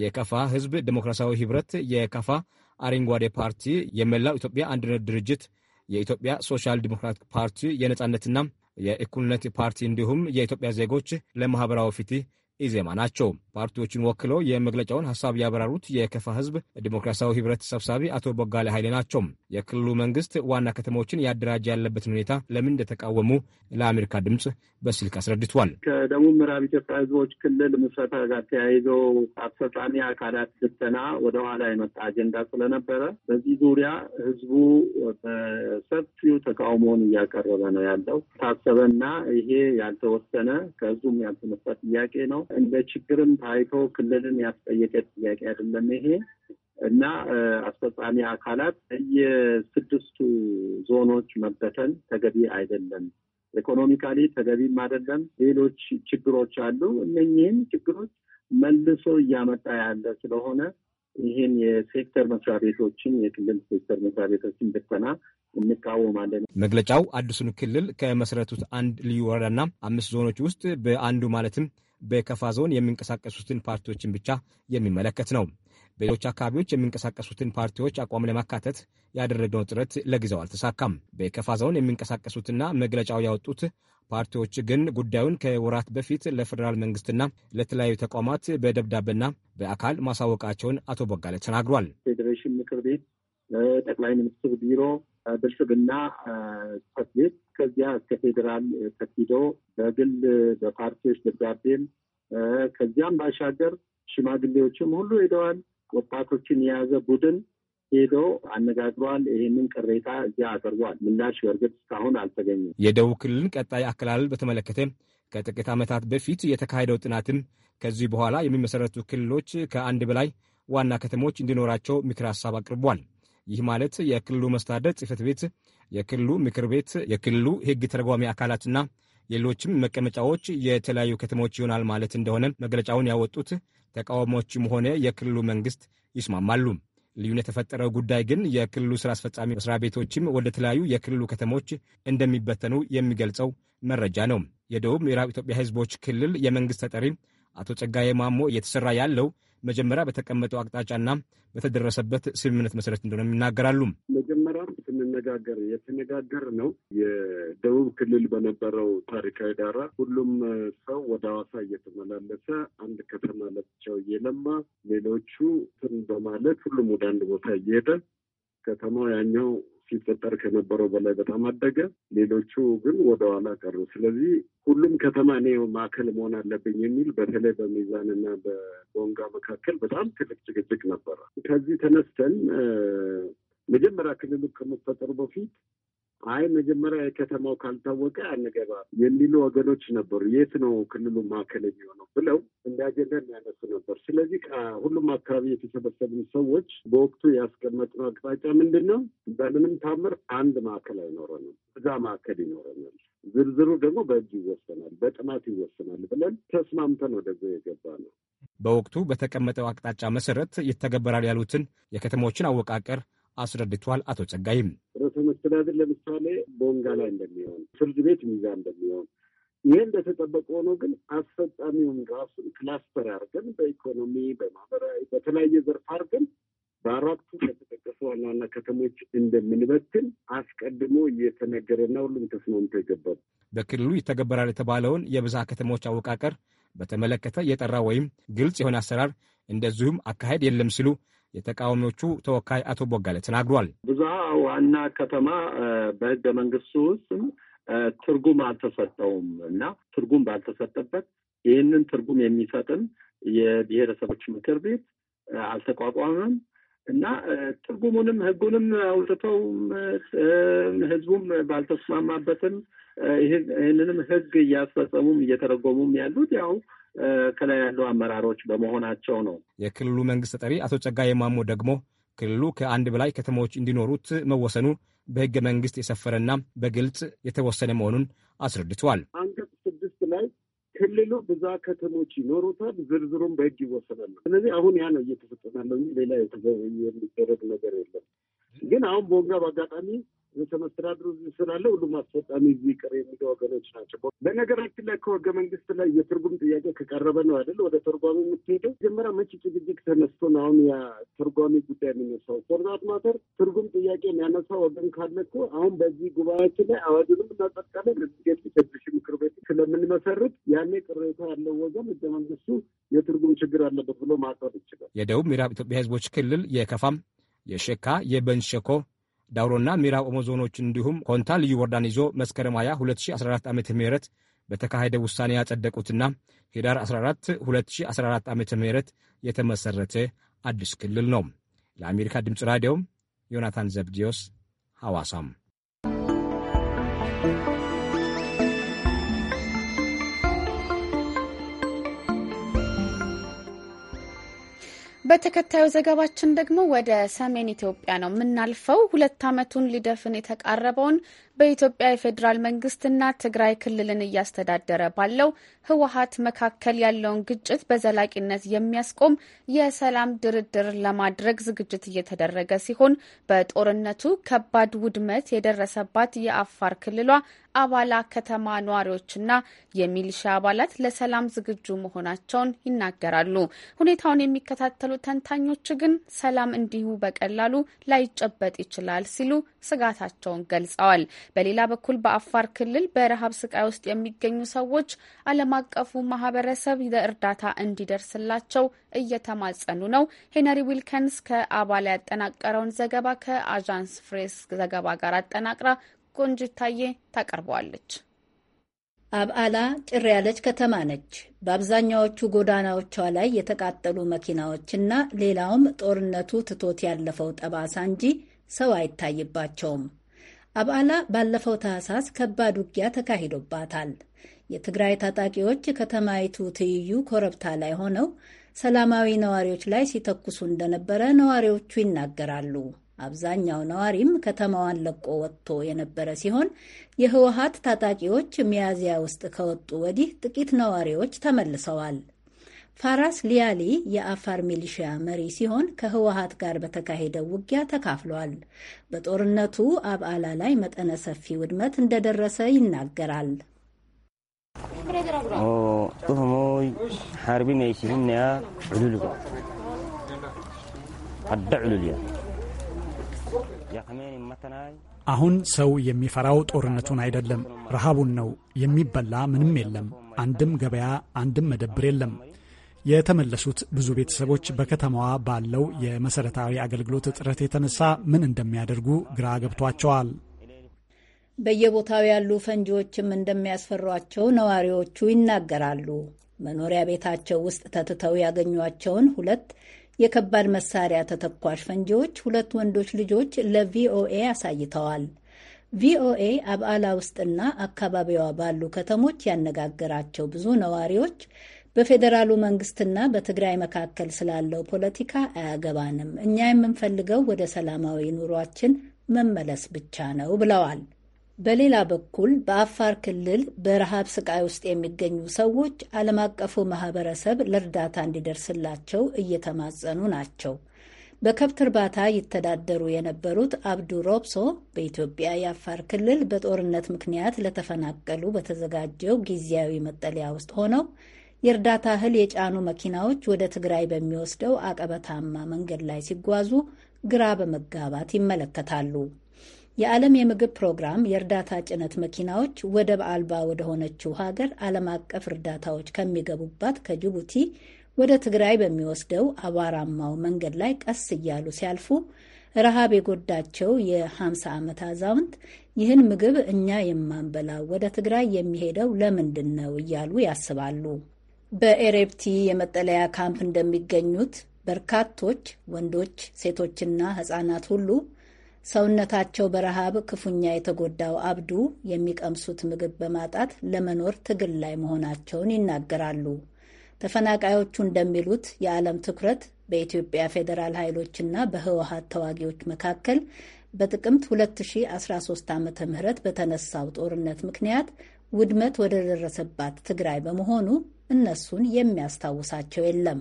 የከፋ ህዝብ ዴሞክራሲያዊ ህብረት፣ የከፋ አረንጓዴ ፓርቲ፣ የመላው ኢትዮጵያ አንድነት ድርጅት፣ የኢትዮጵያ ሶሻል ዲሞክራቲክ ፓርቲ፣ የነጻነትና የእኩልነት ፓርቲ እንዲሁም የኢትዮጵያ ዜጎች ለማህበራዊ ፍትህ ኢዜማ ናቸው። ፓርቲዎቹን ወክለው የመግለጫውን ሀሳብ ያበራሩት የከፋ ህዝብ ዲሞክራሲያዊ ህብረት ሰብሳቢ አቶ ቦጋለ ኃይሌ ናቸው። የክልሉ መንግስት ዋና ከተሞችን ያደራጀ ያለበትን ሁኔታ ለምን እንደተቃወሙ ለአሜሪካ ድምፅ በስልክ አስረድቷል። ከደቡብ ምዕራብ ኢትዮጵያ ህዝቦች ክልል ምስረታ ጋር ተያይዞ አስፈጻሚ አካላት ስልጠና ወደኋላ የመጣ አጀንዳ ስለነበረ በዚህ ዙሪያ ህዝቡ በሰፊው ተቃውሞውን እያቀረበ ነው ያለው። ታሰበና ይሄ ያልተወሰነ ከህዝቡም ያልተነሳ ጥያቄ ነው። እንደ ችግርም ታይቶ ክልልን ያስጠየቀ ጥያቄ አይደለም ይሄ እና አስፈጻሚ አካላት የስድስቱ ዞኖች መበተን ተገቢ አይደለም። ኢኮኖሚካሊ ተገቢም አይደለም። ሌሎች ችግሮች አሉ። እነኚህም ችግሮች መልሶ እያመጣ ያለ ስለሆነ ይህን የሴክተር መስሪያ ቤቶችን የክልል ሴክተር መስሪያ ቤቶችን ብተና እንቃወማለን። መግለጫው አዲሱን ክልል ከመሰረቱት አንድ ልዩ ወረዳና አምስት ዞኖች ውስጥ በአንዱ ማለትም በከፋ ዞን የሚንቀሳቀሱትን ፓርቲዎችን ብቻ የሚመለከት ነው። በሌሎች አካባቢዎች የሚንቀሳቀሱትን ፓርቲዎች አቋም ለማካተት ያደረግነው ጥረት ለጊዜው አልተሳካም። በከፋ ዞን የሚንቀሳቀሱትና መግለጫው ያወጡት ፓርቲዎች ግን ጉዳዩን ከወራት በፊት ለፌዴራል መንግስትና ለተለያዩ ተቋማት በደብዳቤና በአካል ማሳወቃቸውን አቶ ቦጋለ ተናግሯል። ፌዴሬሽን ምክር ቤት፣ ለጠቅላይ ሚኒስትር ቢሮ ብልጽግና ጽሕፈት ቤት ከዚያ እስከ ፌዴራል ተኪዶ በግል በፓርቲዎች ደብዳቤም ከዚያም ባሻገር ሽማግሌዎችም ሁሉ ሄደዋል። ወጣቶችን የያዘ ቡድን ሄዶ አነጋግሯል። ይህንን ቅሬታ እዚያ አቅርቧል። ምላሽ በእርግጥ እስካሁን አልተገኘም። የደቡብ ክልልን ቀጣይ አከላለል በተመለከተ ከጥቂት ዓመታት በፊት የተካሄደው ጥናትም ከዚህ በኋላ የሚመሰረቱ ክልሎች ከአንድ በላይ ዋና ከተሞች እንዲኖራቸው ምክር ሀሳብ አቅርቧል። ይህ ማለት የክልሉ መስተዳደር ጽህፈት ቤት፣ የክልሉ ምክር ቤት፣ የክልሉ ህግ ተርጓሚ አካላትና ሌሎችም መቀመጫዎች የተለያዩ ከተሞች ይሆናል ማለት እንደሆነ መግለጫውን ያወጡት ተቃዋሚዎችም ሆነ የክልሉ መንግስት ይስማማሉ። ልዩነት የተፈጠረው ጉዳይ ግን የክልሉ ስራ አስፈጻሚ መስሪያ ቤቶችም ወደ ተለያዩ የክልሉ ከተሞች እንደሚበተኑ የሚገልጸው መረጃ ነው። የደቡብ ምዕራብ ኢትዮጵያ ህዝቦች ክልል የመንግስት ተጠሪ አቶ ጸጋዬ ማሞ እየተሰራ ያለው መጀመሪያ በተቀመጠው አቅጣጫና በተደረሰበት ስምምነት መሰረት እንደሆነ ይናገራሉ። መጀመሪያም ስንነጋገር የተነጋገር ነው የደቡብ ክልል በነበረው ታሪካዊ ዳራ ሁሉም ሰው ወደ ሐዋሳ እየተመላለሰ አንድ ከተማ ለብቻው እየለማ ሌሎቹ ትን በማለት ሁሉም ወደ አንድ ቦታ እየሄደ ከተማው ያኛው ሲፈጠር ከነበረው በላይ በጣም አደገ። ሌሎቹ ግን ወደኋላ ቀሩ። ስለዚህ ሁሉም ከተማ እኔ ማዕከል መሆን አለብኝ የሚል በተለይ በሚዛንና በቦንጋ መካከል በጣም ትልቅ ጭቅጭቅ ነበረ። ከዚህ ተነስተን መጀመሪያ ክልሉ ከመፈጠሩ በፊት አይ መጀመሪያ የከተማው ካልታወቀ አንገባ የሚሉ ወገኖች ነበሩ። የት ነው ክልሉ ማዕከል የሚሆነው ብለው እንደ አጀንዳ የሚያነሱ ነበር። ስለዚህ ሁሉም አካባቢ የተሰበሰቡ ሰዎች በወቅቱ ያስቀመጥነው አቅጣጫ ምንድን ነው? በምንም ታምር አንድ ማዕከል አይኖረንም፣ እዛ ማዕከል ይኖረናል። ዝርዝሩ ደግሞ በእጅ ይወሰናል፣ በጥናት ይወሰናል ብለን ተስማምተን ወደዛ የገባ ነው። በወቅቱ በተቀመጠው አቅጣጫ መሰረት ይተገበራል ያሉትን የከተሞችን አወቃቀር አስረድቷል። አቶ ጸጋይም ርዕሰ መስተዳድር ለምሳሌ ቦንጋ ላይ እንደሚሆን ፍርድ ቤት ሚዛ እንደሚሆን ይህ እንደተጠበቀ ሆኖ ግን አስፈጻሚውን ራሱን ክላስተር አድርገን በኢኮኖሚ፣ በማህበራዊ፣ በተለያየ ዘርፍ አድርገን በአራቱ ከተጠቀሱ ዋና ዋና ከተሞች እንደምንበትን አስቀድሞ እየተነገረና ሁሉም ተስማምቶ ይገባል። በክልሉ ይተገበራል የተባለውን የብዛ ከተሞች አወቃቀር በተመለከተ የጠራ ወይም ግልጽ የሆነ አሰራር እንደዚሁም አካሄድ የለም ሲሉ የተቃዋሚዎቹ ተወካይ አቶ ቦጋለ ተናግሯል። ብዝሃ ዋና ከተማ በህገ መንግስቱ ውስጥ ትርጉም አልተሰጠውም እና ትርጉም ባልተሰጠበት ይህንን ትርጉም የሚሰጥን የብሔረሰቦች ምክር ቤት አልተቋቋመም እና ትርጉሙንም ህጉንም አውጥተው ህዝቡም ባልተስማማበትም ይህንንም ህግ እያስፈጸሙም እየተረጎሙም ያሉት ያው ከላይ ያሉ አመራሮች በመሆናቸው ነው። የክልሉ መንግስት ተጠሪ አቶ ጸጋዬ ማሞ ደግሞ ክልሉ ከአንድ በላይ ከተሞች እንዲኖሩት መወሰኑ በህገ መንግስት የሰፈረና በግልጽ የተወሰነ መሆኑን አስረድተዋል። አንቀጽ ስድስት ላይ ክልሉ ብዛ ከተሞች ይኖሩታል፣ ዝርዝሩም በህግ ይወሰናል። ስለዚህ አሁን ያ ነው እየተፈጸመ ያለው እንጂ ሌላ የሚደረግ ነገር የለም። ግን አሁን በወንጋ አጋጣሚ ርዕሰ መስተዳድሩ ስላለ ሁሉም አስፈጻሚ ይቅር የሚለው ወገኖች ናቸው። በነገራችን ላይ ከህገ መንግስት ላይ የትርጉም ጥያቄ ከቀረበ ነው አይደል ወደ ተርጓሚ የምትሄደው። መጀመሪያ መቼ ጭግጅግ ተነስቶ ነው አሁን ያ ተርጓሚ ጉዳይ የሚነሳው? ፎርዛት ማተር ትርጉም ጥያቄ የሚያነሳ ወገን ካለ እኮ አሁን በዚህ ጉባኤያችን ላይ አዋጁንም እናጠቃለን ለሚገ ተሽ ምክር ቤት ስለምንመሰርት ያኔ ቅሬታ ያለው ወገን ህገ መንግስቱ የትርጉም ችግር አለበት ብሎ ማቅረብ ይችላል። የደቡብ ምዕራብ ኢትዮጵያ ህዝቦች ክልል የከፋም የሸካ የበንሸኮ ዳውሮና ምዕራብ ኦሞ ዞኖች እንዲሁም ኮንታ ልዩ ወረዳን ይዞ መስከረም 20 2014 ዓ ም በተካሄደ ውሳኔ ያጸደቁትና ሄዳር 14 2014 ዓ ም የተመሰረተ አዲስ ክልል ነው። ለአሜሪካ ድምፅ ራዲዮ ዮናታን ዘብዲዮስ ሐዋሳም በተከታዩ ዘገባችን ደግሞ ወደ ሰሜን ኢትዮጵያ ነው የምናልፈው። ሁለት ዓመቱን ሊደፍን የተቃረበውን በኢትዮጵያ የፌዴራል መንግስትና ትግራይ ክልልን እያስተዳደረ ባለው ህወሀት መካከል ያለውን ግጭት በዘላቂነት የሚያስቆም የሰላም ድርድር ለማድረግ ዝግጅት እየተደረገ ሲሆን በጦርነቱ ከባድ ውድመት የደረሰባት የአፋር ክልሏ አባላ ከተማ ነዋሪዎችና የሚሊሻ አባላት ለሰላም ዝግጁ መሆናቸውን ይናገራሉ። ሁኔታውን የሚከታተሉ ተንታኞች ግን ሰላም እንዲሁ በቀላሉ ላይጨበጥ ይችላል ሲሉ ስጋታቸውን ገልጸዋል። በሌላ በኩል በአፋር ክልል በረሃብ ስቃይ ውስጥ የሚገኙ ሰዎች ዓለም አቀፉ ማህበረሰብ እርዳታ እንዲደርስላቸው እየተማጸኑ ነው። ሄነሪ ዊልከንስ ከአባላ ያጠናቀረውን ዘገባ ከአዣንስ ፍሬስ ዘገባ ጋር አጠናቅራ ቆንጅታዬ ታቀርበዋለች። አብአላ ጭር ያለች ከተማ ነች። በአብዛኛዎቹ ጎዳናዎቿ ላይ የተቃጠሉ መኪናዎችና ሌላውም ጦርነቱ ትቶት ያለፈው ጠባሳ እንጂ ሰው አይታይባቸውም። አብዓላ ባለፈው ታህሳስ ከባድ ውጊያ ተካሂዶባታል። የትግራይ ታጣቂዎች ከተማይቱ ትይዩ ኮረብታ ላይ ሆነው ሰላማዊ ነዋሪዎች ላይ ሲተኩሱ እንደነበረ ነዋሪዎቹ ይናገራሉ። አብዛኛው ነዋሪም ከተማዋን ለቆ ወጥቶ የነበረ ሲሆን የህወሀት ታጣቂዎች ሚያዝያ ውስጥ ከወጡ ወዲህ ጥቂት ነዋሪዎች ተመልሰዋል። ፋራስ ሊያሊ የአፋር ሚሊሺያ መሪ ሲሆን ከህወሀት ጋር በተካሄደው ውጊያ ተካፍሏል። በጦርነቱ አብዓላ ላይ መጠነ ሰፊ ውድመት እንደደረሰ ይናገራል። አሁን ሰው የሚፈራው ጦርነቱን አይደለም፣ ረሃቡን ነው። የሚበላ ምንም የለም። አንድም ገበያ፣ አንድም መደብር የለም። የተመለሱት ብዙ ቤተሰቦች በከተማዋ ባለው የመሰረታዊ አገልግሎት እጥረት የተነሳ ምን እንደሚያደርጉ ግራ ገብቷቸዋል። በየቦታው ያሉ ፈንጂዎችም እንደሚያስፈሯቸው ነዋሪዎቹ ይናገራሉ። መኖሪያ ቤታቸው ውስጥ ተትተው ያገኟቸውን ሁለት የከባድ መሳሪያ ተተኳሽ ፈንጂዎች ሁለት ወንዶች ልጆች ለቪኦኤ አሳይተዋል። ቪኦኤ አብዓላ ውስጥና አካባቢዋ ባሉ ከተሞች ያነጋገራቸው ብዙ ነዋሪዎች በፌዴራሉ መንግስትና በትግራይ መካከል ስላለው ፖለቲካ አያገባንም። እኛ የምንፈልገው ወደ ሰላማዊ ኑሯችን መመለስ ብቻ ነው ብለዋል። በሌላ በኩል በአፋር ክልል በረሃብ ስቃይ ውስጥ የሚገኙ ሰዎች ዓለም አቀፉ ማህበረሰብ ለእርዳታ እንዲደርስላቸው እየተማጸኑ ናቸው። በከብት እርባታ ይተዳደሩ የነበሩት አብዱ ሮብሶ በኢትዮጵያ የአፋር ክልል በጦርነት ምክንያት ለተፈናቀሉ በተዘጋጀው ጊዜያዊ መጠለያ ውስጥ ሆነው የእርዳታ እህል የጫኑ መኪናዎች ወደ ትግራይ በሚወስደው አቀበታማ መንገድ ላይ ሲጓዙ ግራ በመጋባት ይመለከታሉ። የዓለም የምግብ ፕሮግራም የእርዳታ ጭነት መኪናዎች ወደብ አልባ ወደ ሆነችው ሀገር ዓለም አቀፍ እርዳታዎች ከሚገቡባት ከጅቡቲ ወደ ትግራይ በሚወስደው አቧራማው መንገድ ላይ ቀስ እያሉ ሲያልፉ ረሃብ የጎዳቸው የ50 ዓመት አዛውንት ይህን ምግብ እኛ የማንበላው ወደ ትግራይ የሚሄደው ለምንድን ነው እያሉ ያስባሉ። በኤሬፕቲ የመጠለያ ካምፕ እንደሚገኙት በርካቶች ወንዶች፣ ሴቶችና ህጻናት ሁሉ ሰውነታቸው በረሃብ ክፉኛ የተጎዳው አብዱ የሚቀምሱት ምግብ በማጣት ለመኖር ትግል ላይ መሆናቸውን ይናገራሉ። ተፈናቃዮቹ እንደሚሉት የዓለም ትኩረት በኢትዮጵያ ፌዴራል ኃይሎችና በህወሀት ተዋጊዎች መካከል በጥቅምት 2013 ዓ ም በተነሳው ጦርነት ምክንያት ውድመት ወደደረሰባት ትግራይ በመሆኑ እነሱን የሚያስታውሳቸው የለም።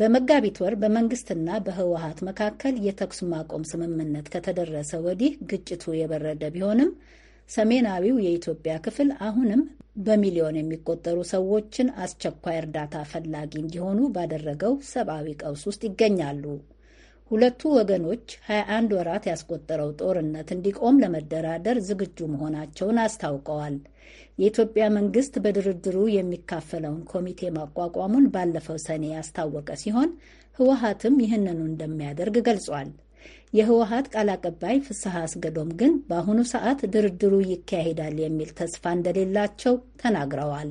በመጋቢት ወር በመንግስትና በህወሀት መካከል የተኩስ ማቆም ስምምነት ከተደረሰ ወዲህ ግጭቱ የበረደ ቢሆንም ሰሜናዊው የኢትዮጵያ ክፍል አሁንም በሚሊዮን የሚቆጠሩ ሰዎችን አስቸኳይ እርዳታ ፈላጊ እንዲሆኑ ባደረገው ሰብአዊ ቀውስ ውስጥ ይገኛሉ። ሁለቱ ወገኖች 21 ወራት ያስቆጠረው ጦርነት እንዲቆም ለመደራደር ዝግጁ መሆናቸውን አስታውቀዋል። የኢትዮጵያ መንግስት በድርድሩ የሚካፈለውን ኮሚቴ ማቋቋሙን ባለፈው ሰኔ ያስታወቀ ሲሆን ህወሀትም ይህንኑ እንደሚያደርግ ገልጿል። የህወሀት ቃል አቀባይ ፍስሐ አስገዶም ግን በአሁኑ ሰዓት ድርድሩ ይካሄዳል የሚል ተስፋ እንደሌላቸው ተናግረዋል።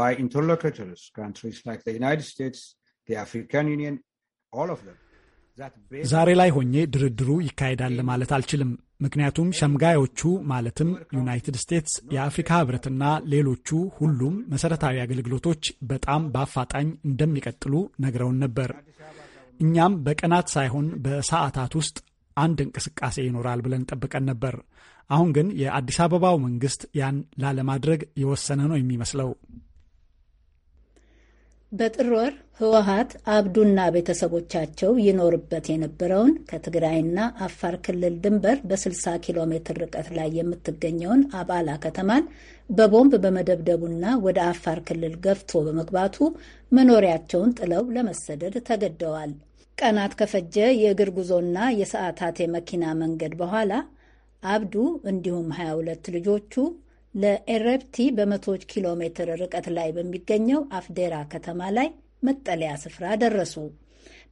by interlocutors, countries like the United States, the African Union, ዛሬ ላይ ሆኜ ድርድሩ ይካሄዳል ማለት አልችልም። ምክንያቱም ሸምጋዮቹ ማለትም ዩናይትድ ስቴትስ፣ የአፍሪካ ህብረትና ሌሎቹ ሁሉም መሰረታዊ አገልግሎቶች በጣም በአፋጣኝ እንደሚቀጥሉ ነግረውን ነበር። እኛም በቀናት ሳይሆን በሰዓታት ውስጥ አንድ እንቅስቃሴ ይኖራል ብለን ጠብቀን ነበር። አሁን ግን የአዲስ አበባው መንግስት ያን ላለማድረግ የወሰነ ነው የሚመስለው። በጥር ወር ህወሀት አብዱና ቤተሰቦቻቸው ይኖርበት የነበረውን ከትግራይና አፋር ክልል ድንበር በ60 ኪሎ ሜትር ርቀት ላይ የምትገኘውን አባላ ከተማን በቦምብ በመደብደቡና ወደ አፋር ክልል ገፍቶ በመግባቱ መኖሪያቸውን ጥለው ለመሰደድ ተገደዋል። ቀናት ከፈጀ የእግር ጉዞና የሰዓታት የመኪና መንገድ በኋላ አብዱ እንዲሁም 22 ልጆቹ ለኤረፕቲ በመቶዎች ኪሎ ሜትር ርቀት ላይ በሚገኘው አፍዴራ ከተማ ላይ መጠለያ ስፍራ ደረሱ።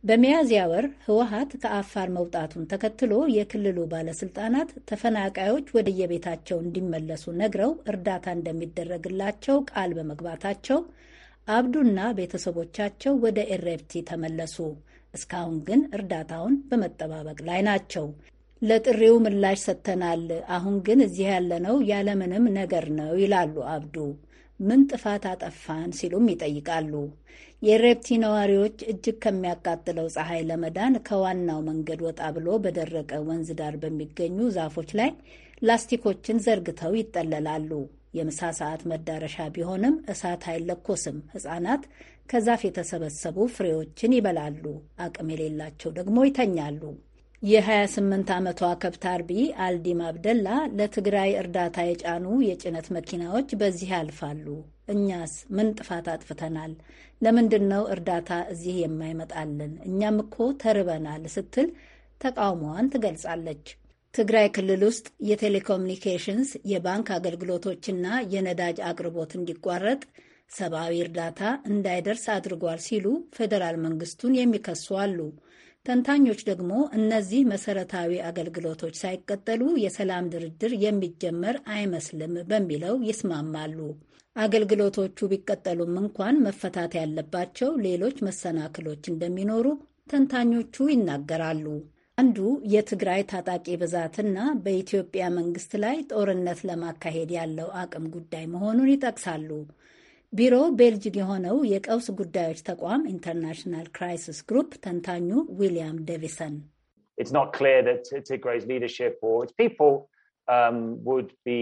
በሚያዝያ ወር ህወሀት ከአፋር መውጣቱን ተከትሎ የክልሉ ባለስልጣናት ተፈናቃዮች ወደየቤታቸው እንዲመለሱ ነግረው እርዳታ እንደሚደረግላቸው ቃል በመግባታቸው አብዱና ቤተሰቦቻቸው ወደ ኤሬፕቲ ተመለሱ። እስካሁን ግን እርዳታውን በመጠባበቅ ላይ ናቸው። ለጥሪው ምላሽ ሰጥተናል፣ አሁን ግን እዚህ ያለነው ያለምንም ነገር ነው ይላሉ አብዱ። ምን ጥፋት አጠፋን ሲሉም ይጠይቃሉ። የኢሬፕቲ ነዋሪዎች እጅግ ከሚያቃጥለው ፀሐይ ለመዳን ከዋናው መንገድ ወጣ ብሎ በደረቀ ወንዝ ዳር በሚገኙ ዛፎች ላይ ላስቲኮችን ዘርግተው ይጠለላሉ። የምሳ ሰዓት መዳረሻ ቢሆንም እሳት አይለኮስም። ሕጻናት ከዛፍ የተሰበሰቡ ፍሬዎችን ይበላሉ። አቅም የሌላቸው ደግሞ ይተኛሉ። የ28 ዓመቷ ከብት አርቢ አልዲም አብደላ ለትግራይ እርዳታ የጫኑ የጭነት መኪናዎች በዚህ ያልፋሉ። እኛስ ምን ጥፋት አጥፍተናል? ለምንድን ነው እርዳታ እዚህ የማይመጣልን? እኛም እኮ ተርበናል ስትል ተቃውሞዋን ትገልጻለች። ትግራይ ክልል ውስጥ የቴሌኮሙኒኬሽንስ የባንክ አገልግሎቶችና የነዳጅ አቅርቦት እንዲቋረጥ ሰብአዊ እርዳታ እንዳይደርስ አድርጓል ሲሉ ፌዴራል መንግስቱን የሚከሱ አሉ። ተንታኞች ደግሞ እነዚህ መሰረታዊ አገልግሎቶች ሳይቀጠሉ የሰላም ድርድር የሚጀመር አይመስልም በሚለው ይስማማሉ። አገልግሎቶቹ ቢቀጠሉም እንኳን መፈታት ያለባቸው ሌሎች መሰናክሎች እንደሚኖሩ ተንታኞቹ ይናገራሉ። አንዱ የትግራይ ታጣቂ ብዛትና በኢትዮጵያ መንግስት ላይ ጦርነት ለማካሄድ ያለው አቅም ጉዳይ መሆኑን ይጠቅሳሉ። ቢሮው ቤልጅግ የሆነው የቀውስ ጉዳዮች ተቋም ኢንተርናሽናል ክራይሲስ ግሩፕ ተንታኙ ዊሊያም ዴቪሰን It's not clear that Tigray's leadership or its people um, would be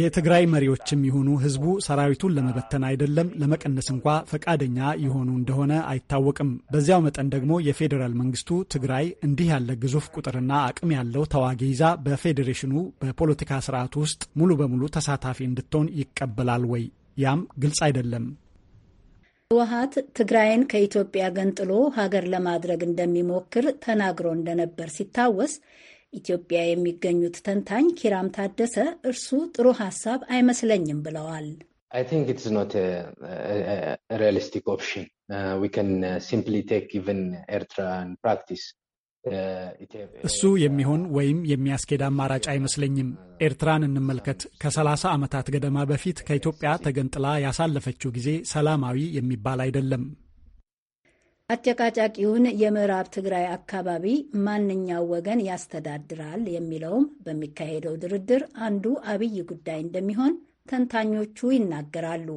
የትግራይ መሪዎችም ይሁኑ ህዝቡ ሰራዊቱን ለመበተን አይደለም ለመቀነስ እንኳ ፈቃደኛ የሆኑ እንደሆነ አይታወቅም። በዚያው መጠን ደግሞ የፌዴራል መንግስቱ ትግራይ እንዲህ ያለ ግዙፍ ቁጥርና አቅም ያለው ተዋጊ ይዛ በፌዴሬሽኑ በፖለቲካ ስርዓት ውስጥ ሙሉ በሙሉ ተሳታፊ እንድትሆን ይቀበላል ወይ? ያም ግልጽ አይደለም። ህወሀት ትግራይን ከኢትዮጵያ ገንጥሎ ሀገር ለማድረግ እንደሚሞክር ተናግሮ እንደነበር ሲታወስ ኢትዮጵያ የሚገኙት ተንታኝ ኪራም ታደሰ እርሱ ጥሩ ሀሳብ አይመስለኝም ብለዋል። ሪያሊስቲክ ኦፕሽን ሲምፕሊ ቴክ ኢቨን ኤርትራን ፕራክቲስ እሱ የሚሆን ወይም የሚያስኬድ አማራጭ አይመስለኝም። ኤርትራን እንመልከት። ከ30 ዓመታት ገደማ በፊት ከኢትዮጵያ ተገንጥላ ያሳለፈችው ጊዜ ሰላማዊ የሚባል አይደለም። አጨቃጫቂውን የምዕራብ ትግራይ አካባቢ ማንኛው ወገን ያስተዳድራል የሚለውም በሚካሄደው ድርድር አንዱ አብይ ጉዳይ እንደሚሆን ተንታኞቹ ይናገራሉ።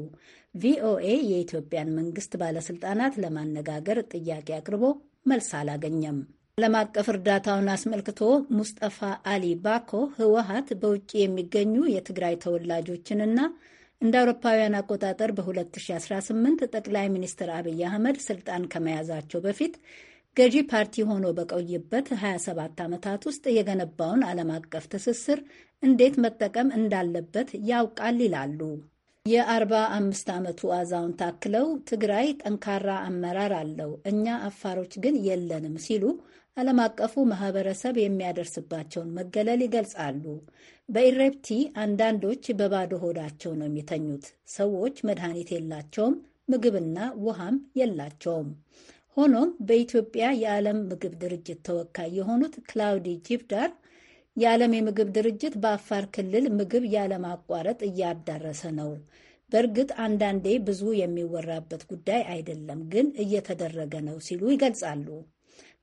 ቪኦኤ የኢትዮጵያን መንግስት ባለስልጣናት ለማነጋገር ጥያቄ አቅርቦ መልስ አላገኘም። ዓለም አቀፍ እርዳታውን አስመልክቶ ሙስጠፋ አሊ ባኮ ህወሀት በውጭ የሚገኙ የትግራይ ተወላጆችንና እንደ አውሮፓውያን አቆጣጠር በ2018 ጠቅላይ ሚኒስትር አብይ አህመድ ስልጣን ከመያዛቸው በፊት ገዢ ፓርቲ ሆኖ በቆየበት 27 ዓመታት ውስጥ የገነባውን ዓለም አቀፍ ትስስር እንዴት መጠቀም እንዳለበት ያውቃል ይላሉ። የአርባ አምስት ዓመቱ አዛውንት አክለው ትግራይ ጠንካራ አመራር አለው፣ እኛ አፋሮች ግን የለንም ሲሉ ዓለም አቀፉ ማህበረሰብ የሚያደርስባቸውን መገለል ይገልጻሉ። በኢሬፕቲ አንዳንዶች በባዶ ሆዳቸው ነው የሚተኙት። ሰዎች መድኃኒት የላቸውም፣ ምግብና ውሃም የላቸውም። ሆኖም በኢትዮጵያ የዓለም ምግብ ድርጅት ተወካይ የሆኑት ክላውዲ ጂብዳር የዓለም የምግብ ድርጅት በአፋር ክልል ምግብ ያለማቋረጥ እያዳረሰ ነው። በእርግጥ አንዳንዴ ብዙ የሚወራበት ጉዳይ አይደለም፣ ግን እየተደረገ ነው ሲሉ ይገልጻሉ።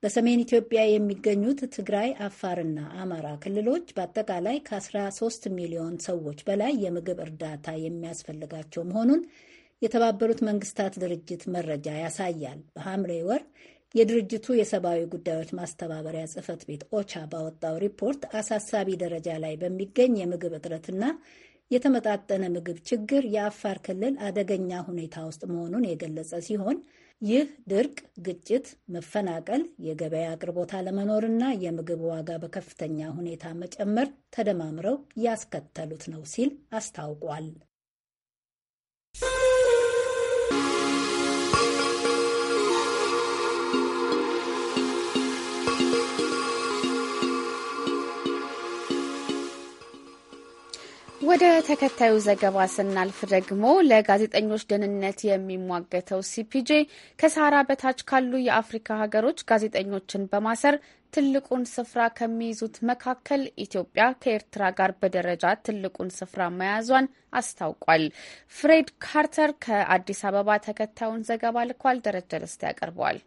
በሰሜን ኢትዮጵያ የሚገኙት ትግራይ፣ አፋርና አማራ ክልሎች በአጠቃላይ ከ13 ሚሊዮን ሰዎች በላይ የምግብ እርዳታ የሚያስፈልጋቸው መሆኑን የተባበሩት መንግስታት ድርጅት መረጃ ያሳያል። በሐምሌ ወር የድርጅቱ የሰብአዊ ጉዳዮች ማስተባበሪያ ጽህፈት ቤት ኦቻ ባወጣው ሪፖርት አሳሳቢ ደረጃ ላይ በሚገኝ የምግብ እጥረትና የተመጣጠነ ምግብ ችግር የአፋር ክልል አደገኛ ሁኔታ ውስጥ መሆኑን የገለጸ ሲሆን ይህ ድርቅ፣ ግጭት፣ መፈናቀል፣ የገበያ አቅርቦት አለመኖርና የምግብ ዋጋ በከፍተኛ ሁኔታ መጨመር ተደማምረው ያስከተሉት ነው ሲል አስታውቋል። ወደ ተከታዩ ዘገባ ስናልፍ ደግሞ ለጋዜጠኞች ደህንነት የሚሟገተው ሲፒጄ ከሰሃራ በታች ካሉ የአፍሪካ ሀገሮች ጋዜጠኞችን በማሰር ትልቁን ስፍራ ከሚይዙት መካከል ኢትዮጵያ ከኤርትራ ጋር በደረጃ ትልቁን ስፍራ መያዟን አስታውቋል። ፍሬድ ካርተር ከአዲስ አበባ ተከታዩን ዘገባ ልኳል። ደረጀ ደስታ ያቀርበዋል።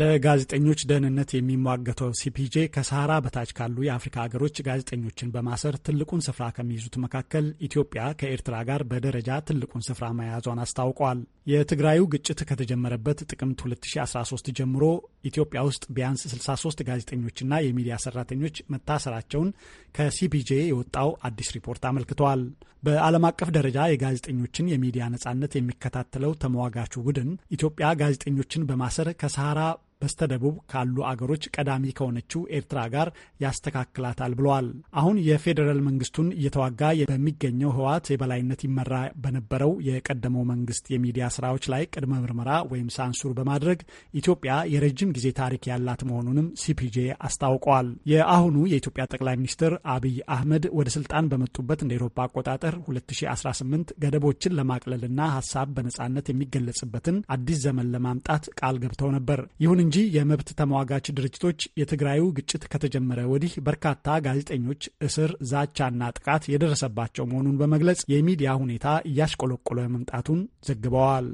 ለጋዜጠኞች ደህንነት የሚሟገተው ሲፒጄ ከሰሃራ በታች ካሉ የአፍሪካ ሀገሮች ጋዜጠኞችን በማሰር ትልቁን ስፍራ ከሚይዙት መካከል ኢትዮጵያ ከኤርትራ ጋር በደረጃ ትልቁን ስፍራ መያዟን አስታውቋል። የትግራዩ ግጭት ከተጀመረበት ጥቅምት 2013 ጀምሮ ኢትዮጵያ ውስጥ ቢያንስ 63 ጋዜጠኞችና የሚዲያ ሰራተኞች መታሰራቸውን ከሲፒጄ የወጣው አዲስ ሪፖርት አመልክተዋል። በዓለም አቀፍ ደረጃ የጋዜጠኞችን የሚዲያ ነጻነት የሚከታተለው ተመዋጋቹ ቡድን ኢትዮጵያ ጋዜጠኞችን በማሰር ከሰሃራ በስተደቡብ ካሉ አገሮች ቀዳሚ ከሆነችው ኤርትራ ጋር ያስተካክላታል ብለዋል። አሁን የፌዴራል መንግስቱን እየተዋጋ በሚገኘው ህወሓት የበላይነት ይመራ በነበረው የቀደመው መንግስት የሚዲያ ስራዎች ላይ ቅድመ ምርመራ ወይም ሳንሱር በማድረግ ኢትዮጵያ የረጅም ጊዜ ታሪክ ያላት መሆኑንም ሲፒጄ አስታውቋል። የአሁኑ የኢትዮጵያ ጠቅላይ ሚኒስትር አብይ አህመድ ወደ ስልጣን በመጡበት እንደ ኤሮፓ አቆጣጠር 2018 ገደቦችን ለማቅለልና ሀሳብ በነጻነት የሚገለጽበትን አዲስ ዘመን ለማምጣት ቃል ገብተው ነበር። ይሁን እንጂ የመብት ተሟጋች ድርጅቶች የትግራዩ ግጭት ከተጀመረ ወዲህ በርካታ ጋዜጠኞች እስር፣ ዛቻና ጥቃት የደረሰባቸው መሆኑን በመግለጽ የሚዲያ ሁኔታ እያሽቆለቆለ መምጣቱን ዘግበዋል።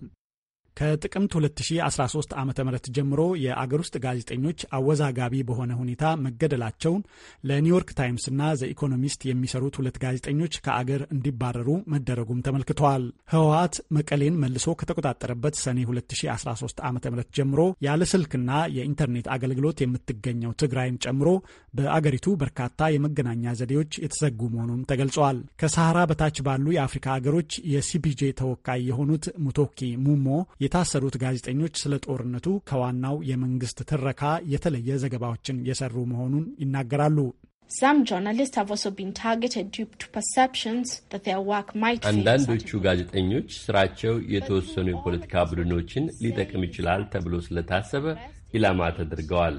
ከጥቅምት 2013 ዓ ም ጀምሮ የአገር ውስጥ ጋዜጠኞች አወዛጋቢ በሆነ ሁኔታ መገደላቸውን ለኒውዮርክ ታይምስና ዘኢኮኖሚስት የሚሰሩት ሁለት ጋዜጠኞች ከአገር እንዲባረሩ መደረጉም ተመልክተዋል። ህወሀት መቀሌን መልሶ ከተቆጣጠረበት ሰኔ 2013 ዓ ም ጀምሮ ያለ ስልክና የኢንተርኔት አገልግሎት የምትገኘው ትግራይን ጨምሮ በአገሪቱ በርካታ የመገናኛ ዘዴዎች የተዘጉ መሆኑም ተገልጿል። ከሰሃራ በታች ባሉ የአፍሪካ አገሮች የሲፒጄ ተወካይ የሆኑት ሙቶኪ ሙሞ የታሰሩት ጋዜጠኞች ስለ ጦርነቱ ከዋናው የመንግስት ትረካ የተለየ ዘገባዎችን የሰሩ መሆኑን ይናገራሉ። አንዳንዶቹ ጋዜጠኞች ስራቸው የተወሰኑ የፖለቲካ ቡድኖችን ሊጠቅም ይችላል ተብሎ ስለታሰበ ኢላማ ተደርገዋል።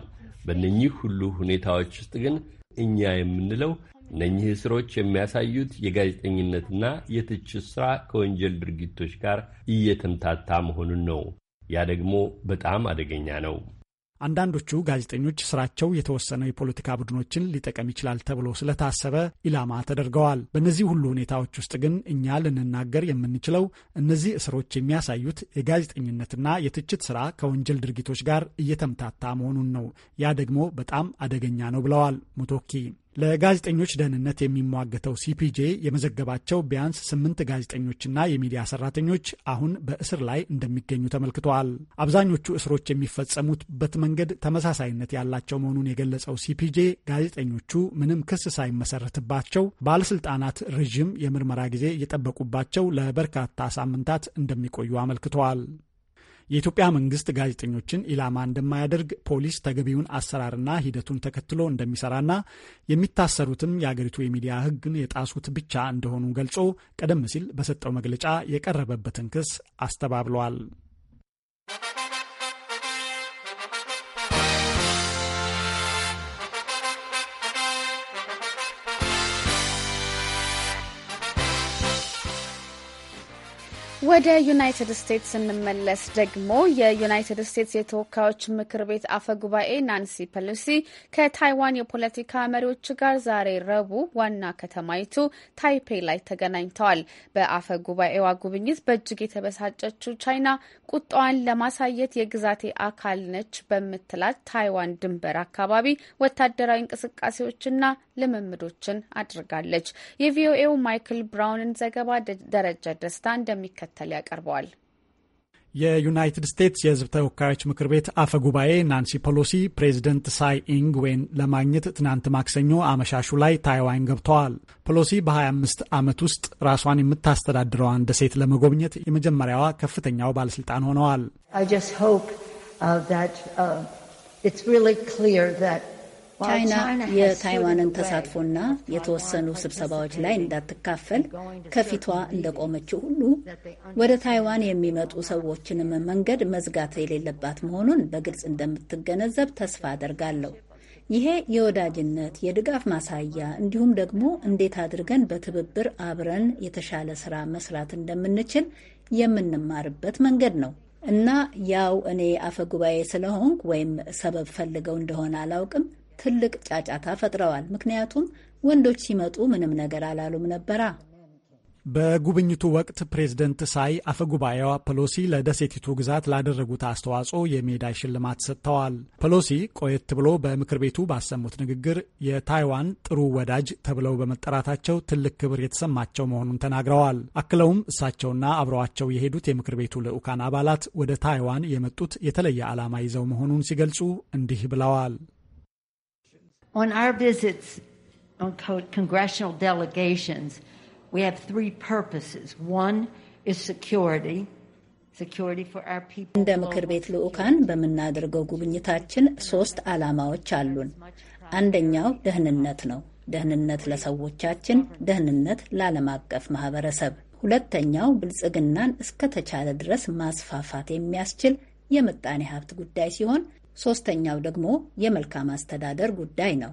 በእነኚህ ሁሉ ሁኔታዎች ውስጥ ግን እኛ የምንለው እነኚህ እስሮች የሚያሳዩት የጋዜጠኝነትና የትችት ሥራ ከወንጀል ድርጊቶች ጋር እየተምታታ መሆኑን ነው። ያ ደግሞ በጣም አደገኛ ነው። አንዳንዶቹ ጋዜጠኞች ስራቸው የተወሰነ የፖለቲካ ቡድኖችን ሊጠቀም ይችላል ተብሎ ስለታሰበ ኢላማ ተደርገዋል። በእነዚህ ሁሉ ሁኔታዎች ውስጥ ግን እኛ ልንናገር የምንችለው እነዚህ እስሮች የሚያሳዩት የጋዜጠኝነትና የትችት ስራ ከወንጀል ድርጊቶች ጋር እየተምታታ መሆኑን ነው። ያ ደግሞ በጣም አደገኛ ነው ብለዋል ሙቶኪ። ለጋዜጠኞች ደህንነት የሚሟገተው ሲፒጄ የመዘገባቸው ቢያንስ ስምንት ጋዜጠኞችና የሚዲያ ሰራተኞች አሁን በእስር ላይ እንደሚገኙ ተመልክተዋል። አብዛኞቹ እስሮች የሚፈጸሙበት መንገድ ተመሳሳይነት ያላቸው መሆኑን የገለጸው ሲፒጄ ጋዜጠኞቹ ምንም ክስ ሳይመሰረትባቸው ባለስልጣናት ረዥም የምርመራ ጊዜ እየጠበቁባቸው ለበርካታ ሳምንታት እንደሚቆዩ አመልክተዋል። የኢትዮጵያ መንግስት ጋዜጠኞችን ኢላማ እንደማያደርግ ፖሊስ ተገቢውን አሰራርና ሂደቱን ተከትሎ እንደሚሰራና የሚታሰሩትም የአገሪቱ የሚዲያ ህግን የጣሱት ብቻ እንደሆኑ ገልጾ ቀደም ሲል በሰጠው መግለጫ የቀረበበትን ክስ አስተባብለዋል። ወደ ዩናይትድ ስቴትስ ስንመለስ ደግሞ የዩናይትድ ስቴትስ የተወካዮች ምክር ቤት አፈ ጉባኤ ናንሲ ፐሎሲ ከታይዋን የፖለቲካ መሪዎች ጋር ዛሬ ረቡዕ ዋና ከተማይቱ ታይፔ ላይ ተገናኝተዋል። በአፈ ጉባኤዋ ጉብኝት በእጅግ የተበሳጨችው ቻይና ቁጣዋን ለማሳየት የግዛቴ አካል ነች በምትላት ታይዋን ድንበር አካባቢ ወታደራዊ እንቅስቃሴዎችና ልምምዶችን አድርጋለች። የቪኦኤው ማይክል ብራውንን ዘገባ ደረጃ ደስታ እንደሚከተል እንደሚከተል ያቀርበዋል። የዩናይትድ ስቴትስ የሕዝብ ተወካዮች ምክር ቤት አፈ ጉባኤ ናንሲ ፔሎሲ ፕሬዚደንት ሳይ ኢንግ ዌን ለማግኘት ትናንት ማክሰኞ አመሻሹ ላይ ታይዋን ገብተዋል። ፖሎሲ በ25 ዓመት ውስጥ ራሷን የምታስተዳድረው አንድ ሴት ለመጎብኘት የመጀመሪያዋ ከፍተኛው ባለስልጣን ሆነዋል። ቻይና የታይዋንን ተሳትፎና የተወሰኑ ስብሰባዎች ላይ እንዳትካፈል ከፊቷ እንደቆመችው ሁሉ ወደ ታይዋን የሚመጡ ሰዎችንም መንገድ መዝጋት የሌለባት መሆኑን በግልጽ እንደምትገነዘብ ተስፋ አደርጋለሁ። ይሄ የወዳጅነት የድጋፍ ማሳያ እንዲሁም ደግሞ እንዴት አድርገን በትብብር አብረን የተሻለ ስራ መስራት እንደምንችል የምንማርበት መንገድ ነው እና ያው እኔ አፈጉባኤ ስለሆንኩ ወይም ሰበብ ፈልገው እንደሆነ አላውቅም ትልቅ ጫጫታ ፈጥረዋል። ምክንያቱም ወንዶች ሲመጡ ምንም ነገር አላሉም ነበራ። በጉብኝቱ ወቅት ፕሬዝደንት ሳይ አፈጉባኤዋ ፔሎሲ ለደሴቲቱ ግዛት ላደረጉት አስተዋጽኦ የሜዳይ ሽልማት ሰጥተዋል። ፔሎሲ ቆየት ብሎ በምክር ቤቱ ባሰሙት ንግግር የታይዋን ጥሩ ወዳጅ ተብለው በመጠራታቸው ትልቅ ክብር የተሰማቸው መሆኑን ተናግረዋል። አክለውም እሳቸውና አብረዋቸው የሄዱት የምክር ቤቱ ልዑካን አባላት ወደ ታይዋን የመጡት የተለየ ዓላማ ይዘው መሆኑን ሲገልጹ እንዲህ ብለዋል። On our visits on co- congressional delegations, we have three purposes. One is security. እንደ ምክር ቤት ልዑካን በምናደርገው ጉብኝታችን ሶስት ዓላማዎች አሉን። አንደኛው ደህንነት ነው። ደህንነት ለሰዎቻችን፣ ደህንነት ለዓለም አቀፍ ማህበረሰብ። ሁለተኛው ብልጽግናን እስከተቻለ ድረስ ማስፋፋት የሚያስችል የምጣኔ ሀብት ጉዳይ ሲሆን ሶስተኛው ደግሞ የመልካም አስተዳደር ጉዳይ ነው።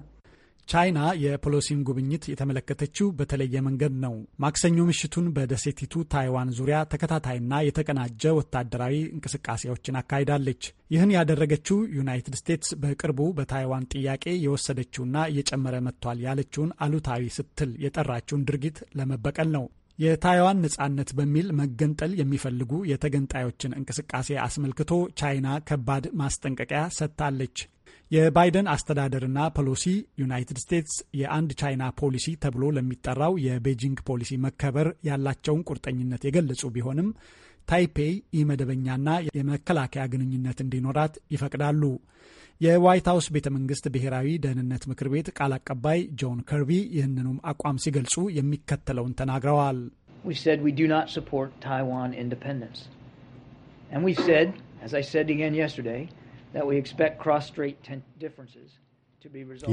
ቻይና የፖሎሲን ጉብኝት የተመለከተችው በተለየ መንገድ ነው። ማክሰኞ ምሽቱን በደሴቲቱ ታይዋን ዙሪያ ተከታታይና የተቀናጀ ወታደራዊ እንቅስቃሴዎችን አካሂዳለች። ይህን ያደረገችው ዩናይትድ ስቴትስ በቅርቡ በታይዋን ጥያቄ የወሰደችውና እየጨመረ መጥቷል ያለችውን አሉታዊ ስትል የጠራችውን ድርጊት ለመበቀል ነው። የታይዋን ነጻነት በሚል መገንጠል የሚፈልጉ የተገንጣዮችን እንቅስቃሴ አስመልክቶ ቻይና ከባድ ማስጠንቀቂያ ሰጥታለች። የባይደን አስተዳደርና ፖሎሲ ዩናይትድ ስቴትስ የአንድ ቻይና ፖሊሲ ተብሎ ለሚጠራው የቤጂንግ ፖሊሲ መከበር ያላቸውን ቁርጠኝነት የገለጹ ቢሆንም ታይፔይ ኢ መደበኛና የመከላከያ ግንኙነት እንዲኖራት ይፈቅዳሉ። የዋይት ሀውስ ቤተ መንግስት ብሔራዊ ደህንነት ምክር ቤት ቃል አቀባይ ጆን ከርቢ ይህንኑም አቋም ሲገልጹ የሚከተለውን ተናግረዋል።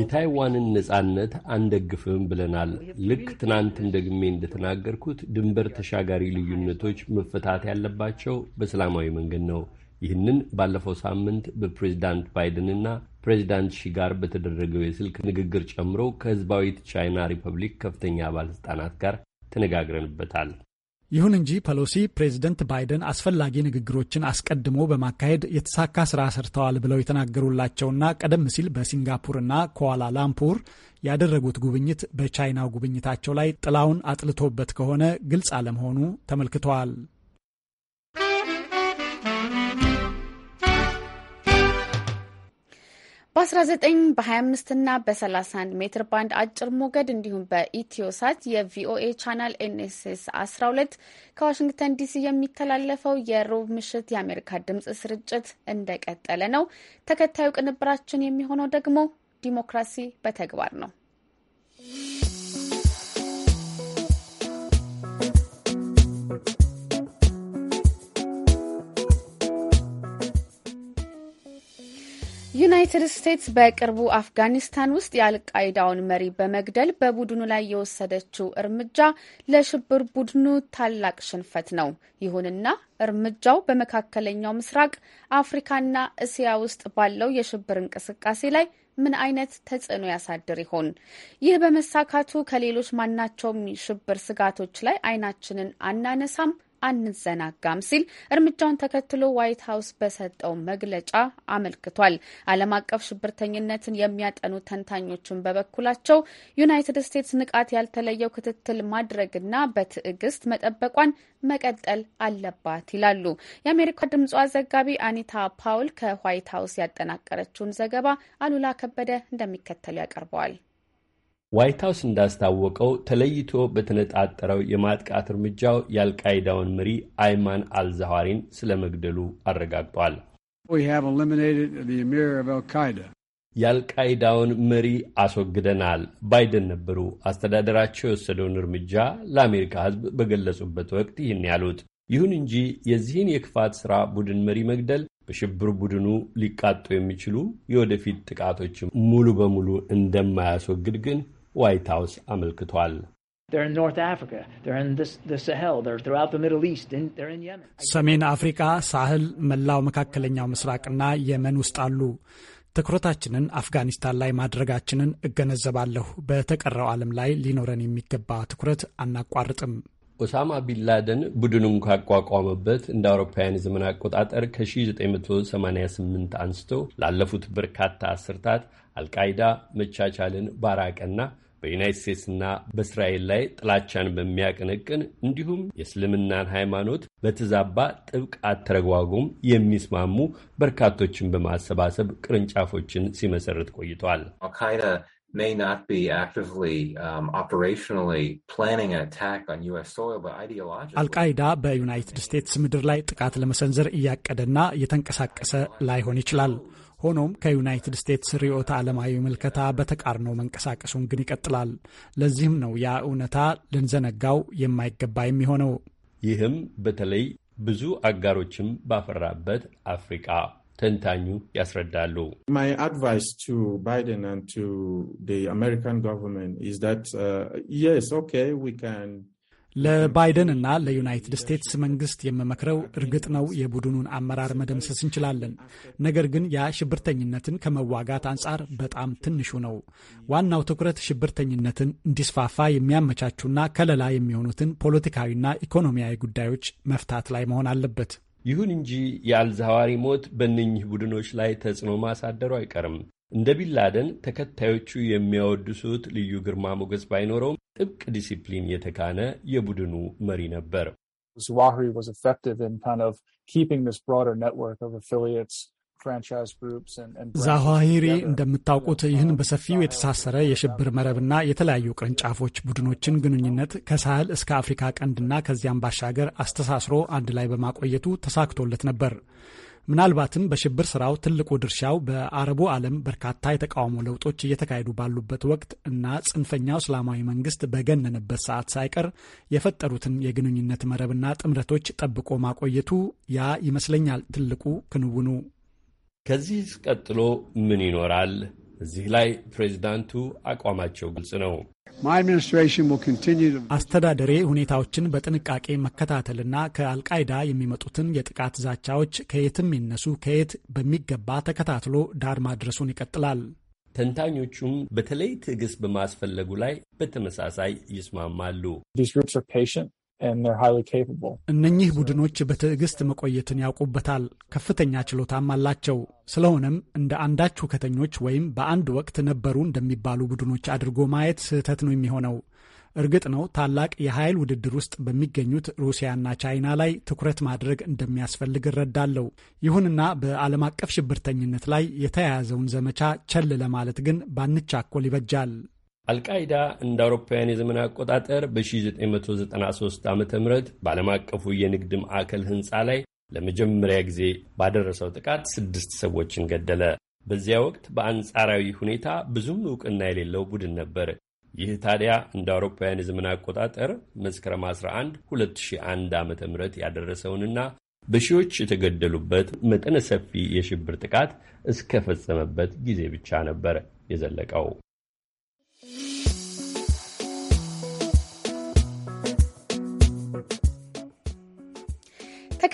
የታይዋንን ነጻነት አንደግፍም ብለናል። ልክ ትናንትም ደግሜ እንደተናገርኩት ድንበር ተሻጋሪ ልዩነቶች መፈታት ያለባቸው በሰላማዊ መንገድ ነው። ይህንን ባለፈው ሳምንት በፕሬዚዳንት ባይደንና ፕሬዚዳንት ሺ ጋር በተደረገው የስልክ ንግግር ጨምሮ ከህዝባዊት ቻይና ሪፐብሊክ ከፍተኛ ባለስልጣናት ጋር ተነጋግረንበታል። ይሁን እንጂ ፐሎሲ ፕሬዚደንት ባይደን አስፈላጊ ንግግሮችን አስቀድሞ በማካሄድ የተሳካ ስራ ሰርተዋል ብለው የተናገሩላቸውና ቀደም ሲል በሲንጋፖርና ኮዋላ ላምፑር ያደረጉት ጉብኝት በቻይናው ጉብኝታቸው ላይ ጥላውን አጥልቶበት ከሆነ ግልጽ አለመሆኑ ተመልክተዋል። በ19 በ25 እና በ31 ሜትር ባንድ አጭር ሞገድ እንዲሁም በኢትዮሳት የቪኦኤ ቻናል ኤንኤስኤስ 12 ከዋሽንግተን ዲሲ የሚተላለፈው የሮብ ምሽት የአሜሪካ ድምፅ ስርጭት እንደቀጠለ ነው። ተከታዩ ቅንብራችን የሚሆነው ደግሞ ዲሞክራሲ በተግባር ነው። ዩናይትድ ስቴትስ በቅርቡ አፍጋኒስታን ውስጥ የአልቃይዳውን መሪ በመግደል በቡድኑ ላይ የወሰደችው እርምጃ ለሽብር ቡድኑ ታላቅ ሽንፈት ነው። ይሁንና እርምጃው በመካከለኛው ምስራቅ አፍሪካና እስያ ውስጥ ባለው የሽብር እንቅስቃሴ ላይ ምን አይነት ተጽዕኖ ያሳድር ይሆን? ይህ በመሳካቱ ከሌሎች ማናቸውም ሽብር ስጋቶች ላይ አይናችንን አናነሳም አንዘናጋም ሲል እርምጃውን ተከትሎ ዋይት ሀውስ በሰጠው መግለጫ አመልክቷል። ዓለም አቀፍ ሽብርተኝነትን የሚያጠኑ ተንታኞችን በበኩላቸው ዩናይትድ ስቴትስ ንቃት ያልተለየው ክትትል ማድረግና በትዕግስት መጠበቋን መቀጠል አለባት ይላሉ። የአሜሪካ ድምጿ ዘጋቢ አኒታ ፓውል ከዋይት ሀውስ ያጠናቀረችውን ዘገባ አሉላ ከበደ እንደሚከተሉ ያቀርበዋል። ዋይት ሀውስ እንዳስታወቀው ተለይቶ በተነጣጠረው የማጥቃት እርምጃው የአልቃይዳውን መሪ አይማን አልዛዋሪን ስለመግደሉ አረጋግጧል። የአልቃይዳውን መሪ አስወግደናል። ባይደን ነበሩ አስተዳደራቸው የወሰደውን እርምጃ ለአሜሪካ ሕዝብ በገለጹበት ወቅት ይህን ያሉት። ይሁን እንጂ የዚህን የክፋት ሥራ ቡድን መሪ መግደል በሽብር ቡድኑ ሊቃጡ የሚችሉ የወደፊት ጥቃቶች ሙሉ በሙሉ እንደማያስወግድ ግን ዋይት ሀውስ አመልክቷል። ሰሜን አፍሪካ፣ ሳህል፣ መላው መካከለኛው ምስራቅና የመን ውስጥ አሉ። ትኩረታችንን አፍጋኒስታን ላይ ማድረጋችንን እገነዘባለሁ። በተቀረው ዓለም ላይ ሊኖረን የሚገባ ትኩረት አናቋርጥም። ኦሳማ ቢንላደን ቡድኑን ካቋቋመበት እንደ አውሮፓውያን የዘመን አቆጣጠር ከ1988 አንስቶ ላለፉት በርካታ አስርታት አልቃይዳ መቻቻልን ባራቀና በዩናይት ስቴትስና በእስራኤል ላይ ጥላቻን በሚያቀነቅን እንዲሁም የእስልምናን ሃይማኖት በተዛባ ጥብቅ አተረጓጎም የሚስማሙ በርካቶችን በማሰባሰብ ቅርንጫፎችን ሲመሰርት ቆይተዋል። አልቃይዳ um, በዩናይትድ ስቴትስ ምድር ላይ ጥቃት ለመሰንዘር እያቀደና እየተንቀሳቀሰ ላይሆን ይችላል። ሆኖም ከዩናይትድ ስቴትስ ርዕዮተ ዓለማዊ ምልከታ በተቃርኖ መንቀሳቀሱን ግን ይቀጥላል። ለዚህም ነው ያ እውነታ ልንዘነጋው የማይገባ የሚሆነው። ይህም በተለይ ብዙ አጋሮችም ባፈራበት አፍሪቃ ተንታኙ ያስረዳሉ። ለባይደን እና ለዩናይትድ ስቴትስ መንግስት የምመክረው እርግጥ ነው የቡድኑን አመራር መደምሰስ እንችላለን። ነገር ግን ያ ሽብርተኝነትን ከመዋጋት አንጻር በጣም ትንሹ ነው። ዋናው ትኩረት ሽብርተኝነትን እንዲስፋፋ የሚያመቻቹና ከለላ የሚሆኑትን ፖለቲካዊና ኢኮኖሚያዊ ጉዳዮች መፍታት ላይ መሆን አለበት። ይሁን እንጂ የአልዛዋሪ ሞት በእነኚህ ቡድኖች ላይ ተጽዕኖ ማሳደሩ አይቀርም። እንደ ቢንላደን ተከታዮቹ የሚያወድሱት ልዩ ግርማ ሞገስ ባይኖረውም ጥብቅ ዲሲፕሊን የተካነ የቡድኑ መሪ ነበር። Zuahri was effective in kind of ዛዋሂሪ እንደምታውቁት ይህን በሰፊው የተሳሰረ የሽብር መረብና የተለያዩ ቅርንጫፎች ቡድኖችን ግንኙነት ከሳህል እስከ አፍሪካ ቀንድና ከዚያም ባሻገር አስተሳስሮ አንድ ላይ በማቆየቱ ተሳክቶለት ነበር። ምናልባትም በሽብር ስራው ትልቁ ድርሻው በአረቡ ዓለም በርካታ የተቃውሞ ለውጦች እየተካሄዱ ባሉበት ወቅት እና ጽንፈኛው እስላማዊ መንግስት በገነነበት ሰዓት ሳይቀር የፈጠሩትን የግንኙነት መረብና ጥምረቶች ጠብቆ ማቆየቱ ያ ይመስለኛል ትልቁ ክንውኑ። ከዚህ ቀጥሎ ምን ይኖራል? እዚህ ላይ ፕሬዚዳንቱ አቋማቸው ግልጽ ነው። አስተዳደሬ ሁኔታዎችን በጥንቃቄ መከታተልና ከአልቃይዳ የሚመጡትን የጥቃት ዛቻዎች ከየትም ይነሱ ከየት በሚገባ ተከታትሎ ዳር ማድረሱን ይቀጥላል። ተንታኞቹም በተለይ ትዕግስት በማስፈለጉ ላይ በተመሳሳይ ይስማማሉ። እነኚህ ቡድኖች በትዕግስት መቆየትን ያውቁበታል፣ ከፍተኛ ችሎታም አላቸው። ስለሆነም እንደ አንዳች ሁከተኞች ወይም በአንድ ወቅት ነበሩ እንደሚባሉ ቡድኖች አድርጎ ማየት ስህተት ነው የሚሆነው። እርግጥ ነው ታላቅ የኃይል ውድድር ውስጥ በሚገኙት ሩሲያና ቻይና ላይ ትኩረት ማድረግ እንደሚያስፈልግ እረዳለሁ። ይሁንና በዓለም አቀፍ ሽብርተኝነት ላይ የተያያዘውን ዘመቻ ቸል ለማለት ግን ባንቻኮል ይበጃል። አልቃይዳ እንደ አውሮፓውያን የዘመን አቆጣጠር በ1993 ዓ ም በዓለም አቀፉ የንግድ ማዕከል ህንፃ ላይ ለመጀመሪያ ጊዜ ባደረሰው ጥቃት ስድስት ሰዎችን ገደለ። በዚያ ወቅት በአንጻራዊ ሁኔታ ብዙም እውቅና የሌለው ቡድን ነበር። ይህ ታዲያ እንደ አውሮፓውያን የዘመን አቆጣጠር መስከረም 11 2001 ዓ ም ያደረሰውንና በሺዎች የተገደሉበት መጠነ ሰፊ የሽብር ጥቃት እስከፈጸመበት ጊዜ ብቻ ነበር የዘለቀው።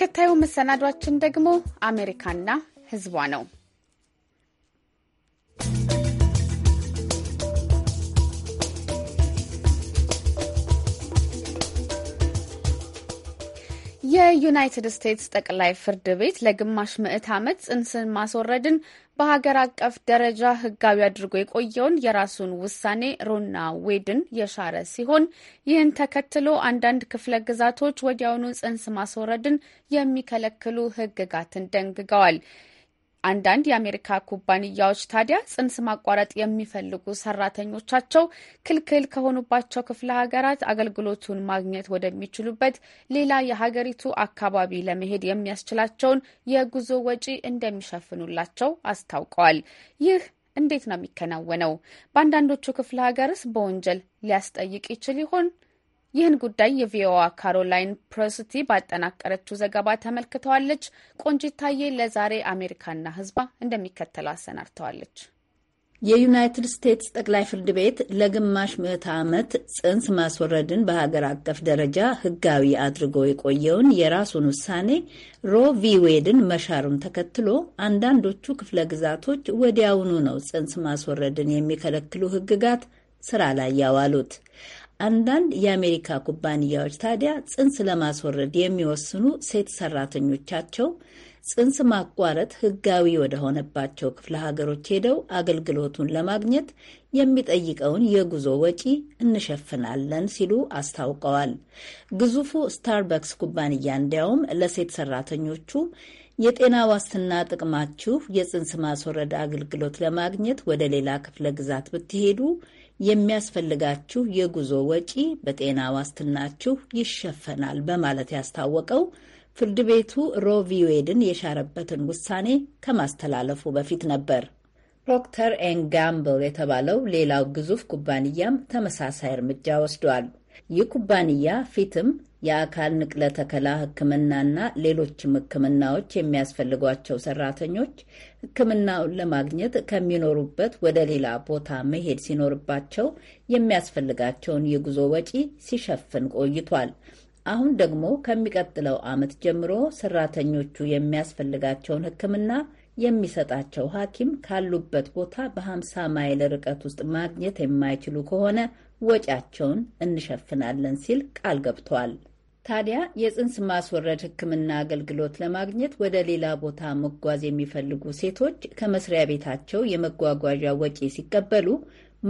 ተከታዩ መሰናዷችን ደግሞ አሜሪካና ህዝቧ ነው። የዩናይትድ ስቴትስ ጠቅላይ ፍርድ ቤት ለግማሽ ምዕት ዓመት ጽንስን ማስወረድን በሀገር አቀፍ ደረጃ ሕጋዊ አድርጎ የቆየውን የራሱን ውሳኔ ሮና ዌድን የሻረ ሲሆን ይህን ተከትሎ አንዳንድ ክፍለ ግዛቶች ወዲያውኑ ጽንስ ማስወረድን የሚከለክሉ ሕግጋትን ደንግገዋል። አንዳንድ የአሜሪካ ኩባንያዎች ታዲያ ጽንስ ማቋረጥ የሚፈልጉ ሰራተኞቻቸው ክልክል ከሆኑባቸው ክፍለ ሀገራት አገልግሎቱን ማግኘት ወደሚችሉበት ሌላ የሀገሪቱ አካባቢ ለመሄድ የሚያስችላቸውን የጉዞ ወጪ እንደሚሸፍኑላቸው አስታውቀዋል። ይህ እንዴት ነው የሚከናወነው? በአንዳንዶቹ ክፍለ ሀገርስ በወንጀል ሊያስጠይቅ ይችል ይሆን? ይህን ጉዳይ የቪኦዋ ካሮላይን ፕሮስቲ ባጠናቀረችው ዘገባ ተመልክተዋለች። ቆንጂታዬ ለዛሬ አሜሪካና ህዝባ እንደሚከተለው አሰናድተዋለች። የዩናይትድ ስቴትስ ጠቅላይ ፍርድ ቤት ለግማሽ ምዕተ ዓመት ጽንስ ማስወረድን በሀገር አቀፍ ደረጃ ህጋዊ አድርጎ የቆየውን የራሱን ውሳኔ ሮ ቪ ዌድን መሻሩን ተከትሎ አንዳንዶቹ ክፍለ ግዛቶች ወዲያውኑ ነው ጽንስ ማስወረድን የሚከለክሉ ህግጋት ስራ ላይ ያዋሉት። አንዳንድ የአሜሪካ ኩባንያዎች ታዲያ ጽንስ ለማስወረድ የሚወስኑ ሴት ሰራተኞቻቸው ጽንስ ማቋረጥ ሕጋዊ ወደሆነባቸው ክፍለ ሀገሮች ሄደው አገልግሎቱን ለማግኘት የሚጠይቀውን የጉዞ ወጪ እንሸፍናለን ሲሉ አስታውቀዋል። ግዙፉ ስታርበክስ ኩባንያ እንዲያውም ለሴት ሰራተኞቹ የጤና ዋስትና ጥቅማችሁ የጽንስ ማስወረድ አገልግሎት ለማግኘት ወደ ሌላ ክፍለ ግዛት ብትሄዱ የሚያስፈልጋችሁ የጉዞ ወጪ በጤና ዋስትናችሁ ይሸፈናል በማለት ያስታወቀው ፍርድ ቤቱ ሮቪዌድን የሻረበትን ውሳኔ ከማስተላለፉ በፊት ነበር። ፕሮክተር ኤን ጋምብል የተባለው ሌላው ግዙፍ ኩባንያም ተመሳሳይ እርምጃ ወስዷል። ይህ ኩባንያ ፊትም የአካል ንቅለ ተከላ ሕክምናና ሌሎችም ሕክምናዎች የሚያስፈልጓቸው ሰራተኞች ሕክምናውን ለማግኘት ከሚኖሩበት ወደ ሌላ ቦታ መሄድ ሲኖርባቸው የሚያስፈልጋቸውን የጉዞ ወጪ ሲሸፍን ቆይቷል። አሁን ደግሞ ከሚቀጥለው ዓመት ጀምሮ ሰራተኞቹ የሚያስፈልጋቸውን ሕክምና የሚሰጣቸው ሐኪም ካሉበት ቦታ በ50 ማይል ርቀት ውስጥ ማግኘት የማይችሉ ከሆነ ወጪያቸውን እንሸፍናለን ሲል ቃል ገብቷል። ታዲያ የጽንስ ማስወረድ ሕክምና አገልግሎት ለማግኘት ወደ ሌላ ቦታ መጓዝ የሚፈልጉ ሴቶች ከመስሪያ ቤታቸው የመጓጓዣ ወጪ ሲቀበሉ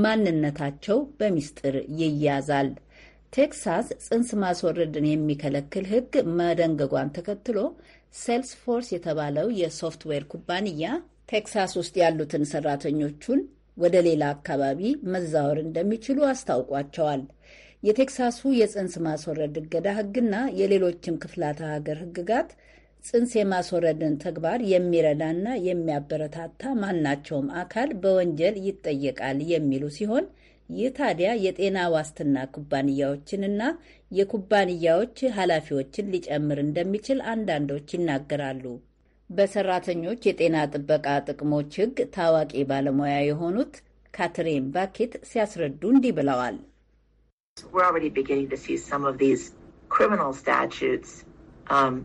ማንነታቸው በሚስጥር ይያዛል። ቴክሳስ ጽንስ ማስወረድን የሚከለክል ሕግ መደንገጓን ተከትሎ ሴልስፎርስ የተባለው የሶፍትዌር ኩባንያ ቴክሳስ ውስጥ ያሉትን ሰራተኞቹን ወደ ሌላ አካባቢ መዛወር እንደሚችሉ አስታውቋቸዋል። የቴክሳሱ የጽንስ ማስወረድ እገዳ ሕግና የሌሎችም ክፍላተ ሀገር ሕግጋት ጽንስ የማስወረድን ተግባር የሚረዳና የሚያበረታታ ማናቸውም አካል በወንጀል ይጠየቃል የሚሉ ሲሆን ይህ ታዲያ የጤና ዋስትና ኩባንያዎችንና የኩባንያዎች ኃላፊዎችን ሊጨምር እንደሚችል አንዳንዶች ይናገራሉ። በሰራተኞች የጤና ጥበቃ ጥቅሞች ሕግ ታዋቂ ባለሙያ የሆኑት ካትሪን ባኬት ሲያስረዱ እንዲህ ብለዋል። um,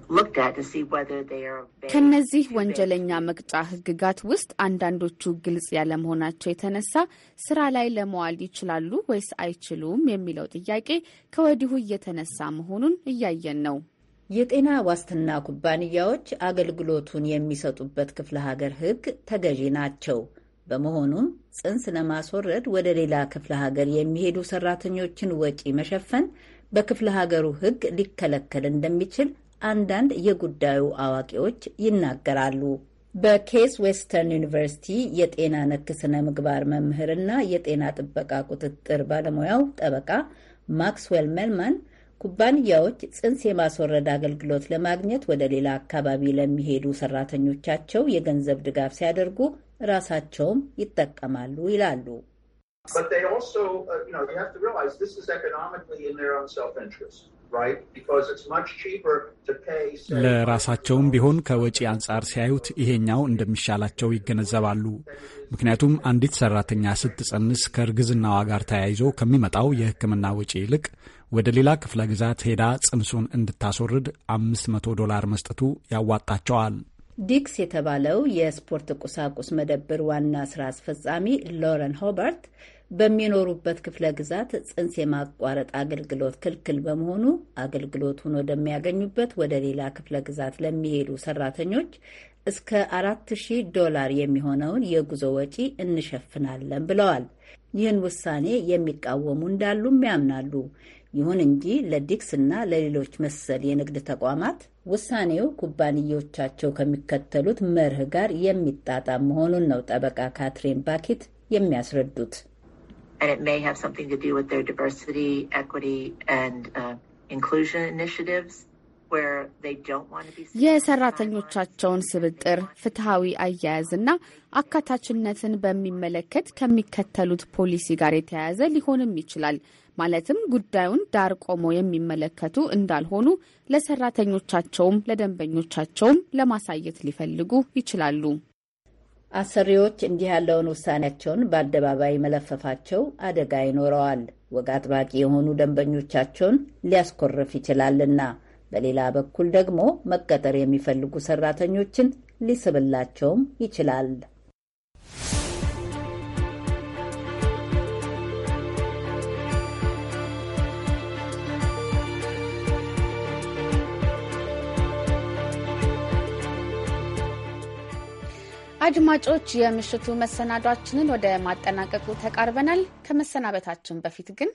ከነዚህ ወንጀለኛ መቅጫ ህግጋት ውስጥ አንዳንዶቹ ግልጽ ያለመሆናቸው የተነሳ ስራ ላይ ለመዋል ይችላሉ ወይስ አይችሉም የሚለው ጥያቄ ከወዲሁ እየተነሳ መሆኑን እያየን ነው። የጤና ዋስትና ኩባንያዎች አገልግሎቱን የሚሰጡበት ክፍለ ሀገር ሕግ ተገዢ ናቸው። በመሆኑም ጽንስ ለማስወረድ ወደ ሌላ ክፍለ ሀገር የሚሄዱ ሰራተኞችን ወጪ መሸፈን በክፍለ ሀገሩ ሕግ ሊከለከል እንደሚችል አንዳንድ የጉዳዩ አዋቂዎች ይናገራሉ። በኬስ ዌስተርን ዩኒቨርሲቲ የጤና ነክ ስነ ምግባር መምህርና የጤና ጥበቃ ቁጥጥር ባለሙያው ጠበቃ ማክስዌል መልማን ኩባንያዎች ጽንስ የማስወረድ አገልግሎት ለማግኘት ወደ ሌላ አካባቢ ለሚሄዱ ሰራተኞቻቸው የገንዘብ ድጋፍ ሲያደርጉ ራሳቸውም ይጠቀማሉ ይላሉ። uh, ለራሳቸውም ቢሆን ከወጪ አንጻር ሲያዩት ይሄኛው እንደሚሻላቸው ይገነዘባሉ። ምክንያቱም አንዲት ሰራተኛ ስትጸንስ ከእርግዝናዋ ጋር ተያይዞ ከሚመጣው የሕክምና ወጪ ይልቅ ወደ ሌላ ክፍለ ግዛት ሄዳ ጽንሱን እንድታስወርድ 500 ዶላር መስጠቱ ያዋጣቸዋል። ዲክስ የተባለው የስፖርት ቁሳቁስ መደብር ዋና ስራ አስፈጻሚ ሎረን ሆበርት በሚኖሩበት ክፍለ ግዛት ጽንስ የማቋረጥ አገልግሎት ክልክል በመሆኑ አገልግሎቱን ወደሚያገኙበት ወደ ሌላ ክፍለ ግዛት ለሚሄዱ ሰራተኞች እስከ አራት ዶላር የሚሆነውን የጉዞ ወጪ እንሸፍናለን ብለዋል። ይህን ውሳኔ የሚቃወሙ እንዳሉም ያምናሉ። ይሁን እንጂ ለዲክስ እና ለሌሎች መሰል የንግድ ተቋማት ውሳኔው ኩባንያዎቻቸው ከሚከተሉት መርህ ጋር የሚጣጣም መሆኑን ነው ጠበቃ ካትሪን ባኪት የሚያስረዱት። um, የሰራተኞቻቸውን ስብጥር፣ ፍትሐዊ አያያዝና አካታችነትን በሚመለከት ከሚከተሉት ፖሊሲ ጋር የተያያዘ ሊሆንም ይችላል። ማለትም ጉዳዩን ዳር ቆሞ የሚመለከቱ እንዳልሆኑ ለሰራተኞቻቸውም ለደንበኞቻቸውም ለማሳየት ሊፈልጉ ይችላሉ። አሰሪዎች እንዲህ ያለውን ውሳኔያቸውን በአደባባይ መለፈፋቸው አደጋ ይኖረዋል። ወግ አጥባቂ የሆኑ ደንበኞቻቸውን ሊያስኮርፍ ይችላልና፣ በሌላ በኩል ደግሞ መቀጠር የሚፈልጉ ሰራተኞችን ሊስብላቸውም ይችላል። አድማጮች የምሽቱ መሰናዷችንን ወደ ማጠናቀቁ ተቃርበናል። ከመሰናበታችን በፊት ግን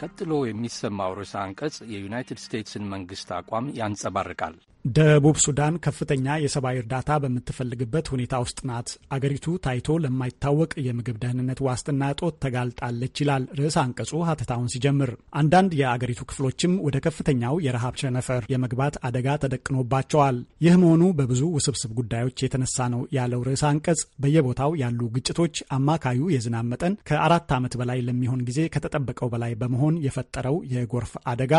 ቀጥሎ የሚሰማው ርዕሰ አንቀጽ የዩናይትድ ስቴትስን መንግስት አቋም ያንጸባርቃል። ደቡብ ሱዳን ከፍተኛ የሰብአዊ እርዳታ በምትፈልግበት ሁኔታ ውስጥ ናት። አገሪቱ ታይቶ ለማይታወቅ የምግብ ደህንነት ዋስትና እጦት ተጋልጣለች ይላል ርዕስ አንቀጹ ሀተታውን ሲጀምር። አንዳንድ የአገሪቱ ክፍሎችም ወደ ከፍተኛው የረሃብ ሸነፈር የመግባት አደጋ ተደቅኖባቸዋል። ይህ መሆኑ በብዙ ውስብስብ ጉዳዮች የተነሳ ነው ያለው ርዕስ አንቀጽ በየቦታው ያሉ ግጭቶች አማካዩ የዝናብ መጠን ከአራት ዓመት በላይ ለሚሆን ጊዜ ከተጠበቀው በላይ በመሆን የፈጠረው የጎርፍ አደጋ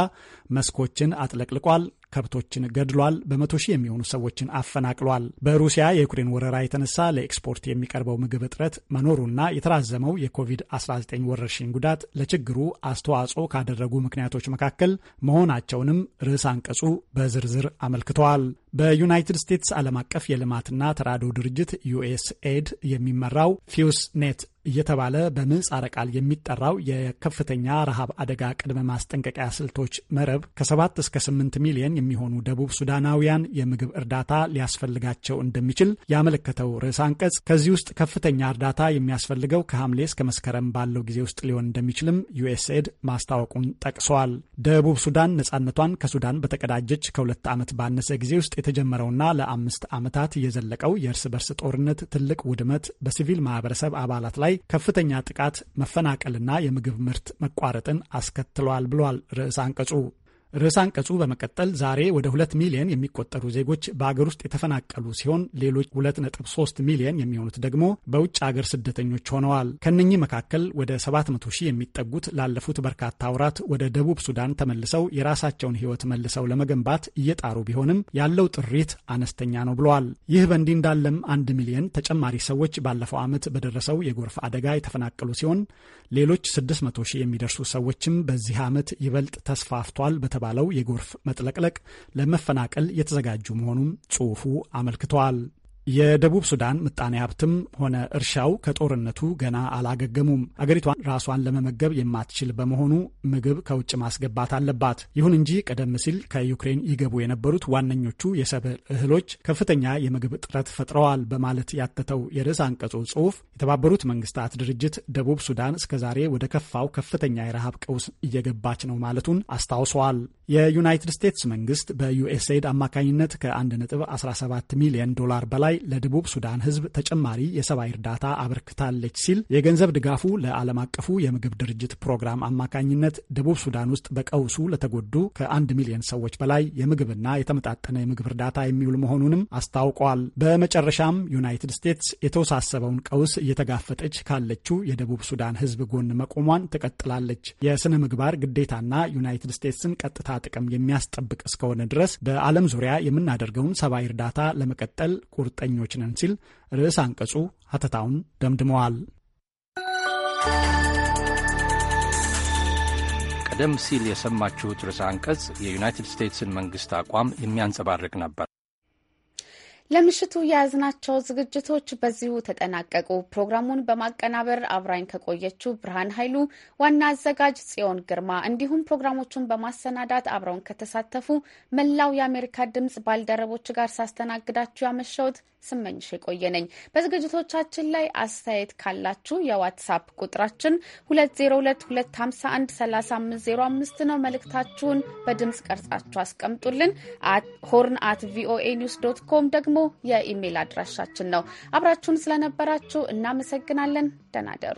መስኮችን አጥለቅልቋል፣ ከብቶችን ገድሏል፣ በመቶ ሺህ የሚሆኑ ሰዎችን አፈናቅሏል። በሩሲያ የዩክሬን ወረራ የተነሳ ለኤክስፖርት የሚቀርበው ምግብ እጥረት መኖሩና የተራዘመው የኮቪድ-19 ወረርሽኝ ጉዳት ለችግሩ አስተዋጽኦ ካደረጉ ምክንያቶች መካከል መሆናቸውንም ርዕስ አንቀጹ በዝርዝር አመልክተዋል። በዩናይትድ ስቴትስ ዓለም አቀፍ የልማትና ተራድኦ ድርጅት ዩኤስኤድ ኤድ የሚመራው ፊውስ ኔት እየተባለ በምህጻረ ቃል የሚጠራው የከፍተኛ ረሃብ አደጋ ቅድመ ማስጠንቀቂያ ስልቶች መረብ ከ ከ7 እስከ 8 ሚሊየን የሚሆኑ ደቡብ ሱዳናውያን የምግብ እርዳታ ሊያስፈልጋቸው እንደሚችል ያመለከተው ርዕስ አንቀጽ ከዚህ ውስጥ ከፍተኛ እርዳታ የሚያስፈልገው ከሐምሌ እስከ መስከረም ባለው ጊዜ ውስጥ ሊሆን እንደሚችልም ዩኤስኤድ ማስታወቁን ጠቅሰዋል። ደቡብ ሱዳን ነጻነቷን ከሱዳን በተቀዳጀች ከሁለት ዓመት ባነሰ ጊዜ ውስጥ የተጀመረውና ለአምስት ዓመታት የዘለቀው የእርስ በርስ ጦርነት ትልቅ ውድመት በሲቪል ማህበረሰብ አባላት ላይ ከፍተኛ ጥቃት፣ መፈናቀልና የምግብ ምርት መቋረጥን አስከትሏል ብሏል ርዕስ አንቀጹ። ርዕስ አንቀጹ በመቀጠል ዛሬ ወደ ሁለት ሚሊዮን የሚቆጠሩ ዜጎች በአገር ውስጥ የተፈናቀሉ ሲሆን ሌሎች 2.3 ሚሊዮን የሚሆኑት ደግሞ በውጭ አገር ስደተኞች ሆነዋል። ከነኚህ መካከል ወደ 700 ሺህ የሚጠጉት ላለፉት በርካታ ወራት ወደ ደቡብ ሱዳን ተመልሰው የራሳቸውን ሕይወት መልሰው ለመገንባት እየጣሩ ቢሆንም ያለው ጥሪት አነስተኛ ነው ብለዋል። ይህ በእንዲህ እንዳለም አንድ ሚሊዮን ተጨማሪ ሰዎች ባለፈው ዓመት በደረሰው የጎርፍ አደጋ የተፈናቀሉ ሲሆን ሌሎች 600 ሺህ የሚደርሱ ሰዎችም በዚህ ዓመት ይበልጥ ተስፋፍቷል በተባለው የጎርፍ መጥለቅለቅ ለመፈናቀል የተዘጋጁ መሆኑን ጽሑፉ አመልክተዋል። የደቡብ ሱዳን ምጣኔ ሀብትም ሆነ እርሻው ከጦርነቱ ገና አላገገሙም። አገሪቷን ራሷን ለመመገብ የማትችል በመሆኑ ምግብ ከውጭ ማስገባት አለባት። ይሁን እንጂ ቀደም ሲል ከዩክሬን ይገቡ የነበሩት ዋነኞቹ የሰብል እህሎች ከፍተኛ የምግብ እጥረት ፈጥረዋል በማለት ያተተው የርዕስ አንቀጹ ጽሑፍ የተባበሩት መንግስታት ድርጅት ደቡብ ሱዳን እስከዛሬ ወደ ከፋው ከፍተኛ የረሃብ ቀውስ እየገባች ነው ማለቱን አስታውሰዋል። የዩናይትድ ስቴትስ መንግስት በዩኤስኤድ አማካኝነት ከ1.17 ሚሊዮን ዶላር በላይ ላይ ለደቡብ ሱዳን ህዝብ ተጨማሪ የሰብአዊ እርዳታ አበርክታለች ሲል የገንዘብ ድጋፉ ለዓለም አቀፉ የምግብ ድርጅት ፕሮግራም አማካኝነት ደቡብ ሱዳን ውስጥ በቀውሱ ለተጎዱ ከአንድ ሚሊዮን ሰዎች በላይ የምግብና የተመጣጠነ የምግብ እርዳታ የሚውል መሆኑንም አስታውቋል። በመጨረሻም ዩናይትድ ስቴትስ የተወሳሰበውን ቀውስ እየተጋፈጠች ካለችው የደቡብ ሱዳን ህዝብ ጎን መቆሟን ትቀጥላለች። የስነ ምግባር ግዴታና ዩናይትድ ስቴትስን ቀጥታ ጥቅም የሚያስጠብቅ እስከሆነ ድረስ በዓለም ዙሪያ የምናደርገውን ሰብአዊ እርዳታ ለመቀጠል ቁርጠ ጋዜጠኞች ነን ሲል ርዕስ አንቀጹ ሀተታውን ደምድመዋል። ቀደም ሲል የሰማችሁት ርዕስ አንቀጽ የዩናይትድ ስቴትስን መንግስት አቋም የሚያንጸባርቅ ነበር። ለምሽቱ የያዝናቸው ዝግጅቶች በዚሁ ተጠናቀቁ። ፕሮግራሙን በማቀናበር አብራኝ ከቆየችው ብርሃን ኃይሉ፣ ዋና አዘጋጅ ጽዮን ግርማ እንዲሁም ፕሮግራሞቹን በማሰናዳት አብረውን ከተሳተፉ መላው የአሜሪካ ድምፅ ባልደረቦች ጋር ሳስተናግዳችሁ ያመሸውት ስመኝሽ የቆየ ነኝ። በዝግጅቶቻችን ላይ አስተያየት ካላችሁ የዋትሳፕ ቁጥራችን 2022513505 ነው። መልእክታችሁን በድምፅ ቀርጻችሁ አስቀምጡልን። ሆርን አት ቪኦኤ ኒውስ ዶት ኮም ደግሞ የኢሜይል አድራሻችን ነው። አብራችሁን ስለነበራችሁ እናመሰግናለን። ደህና ደሩ።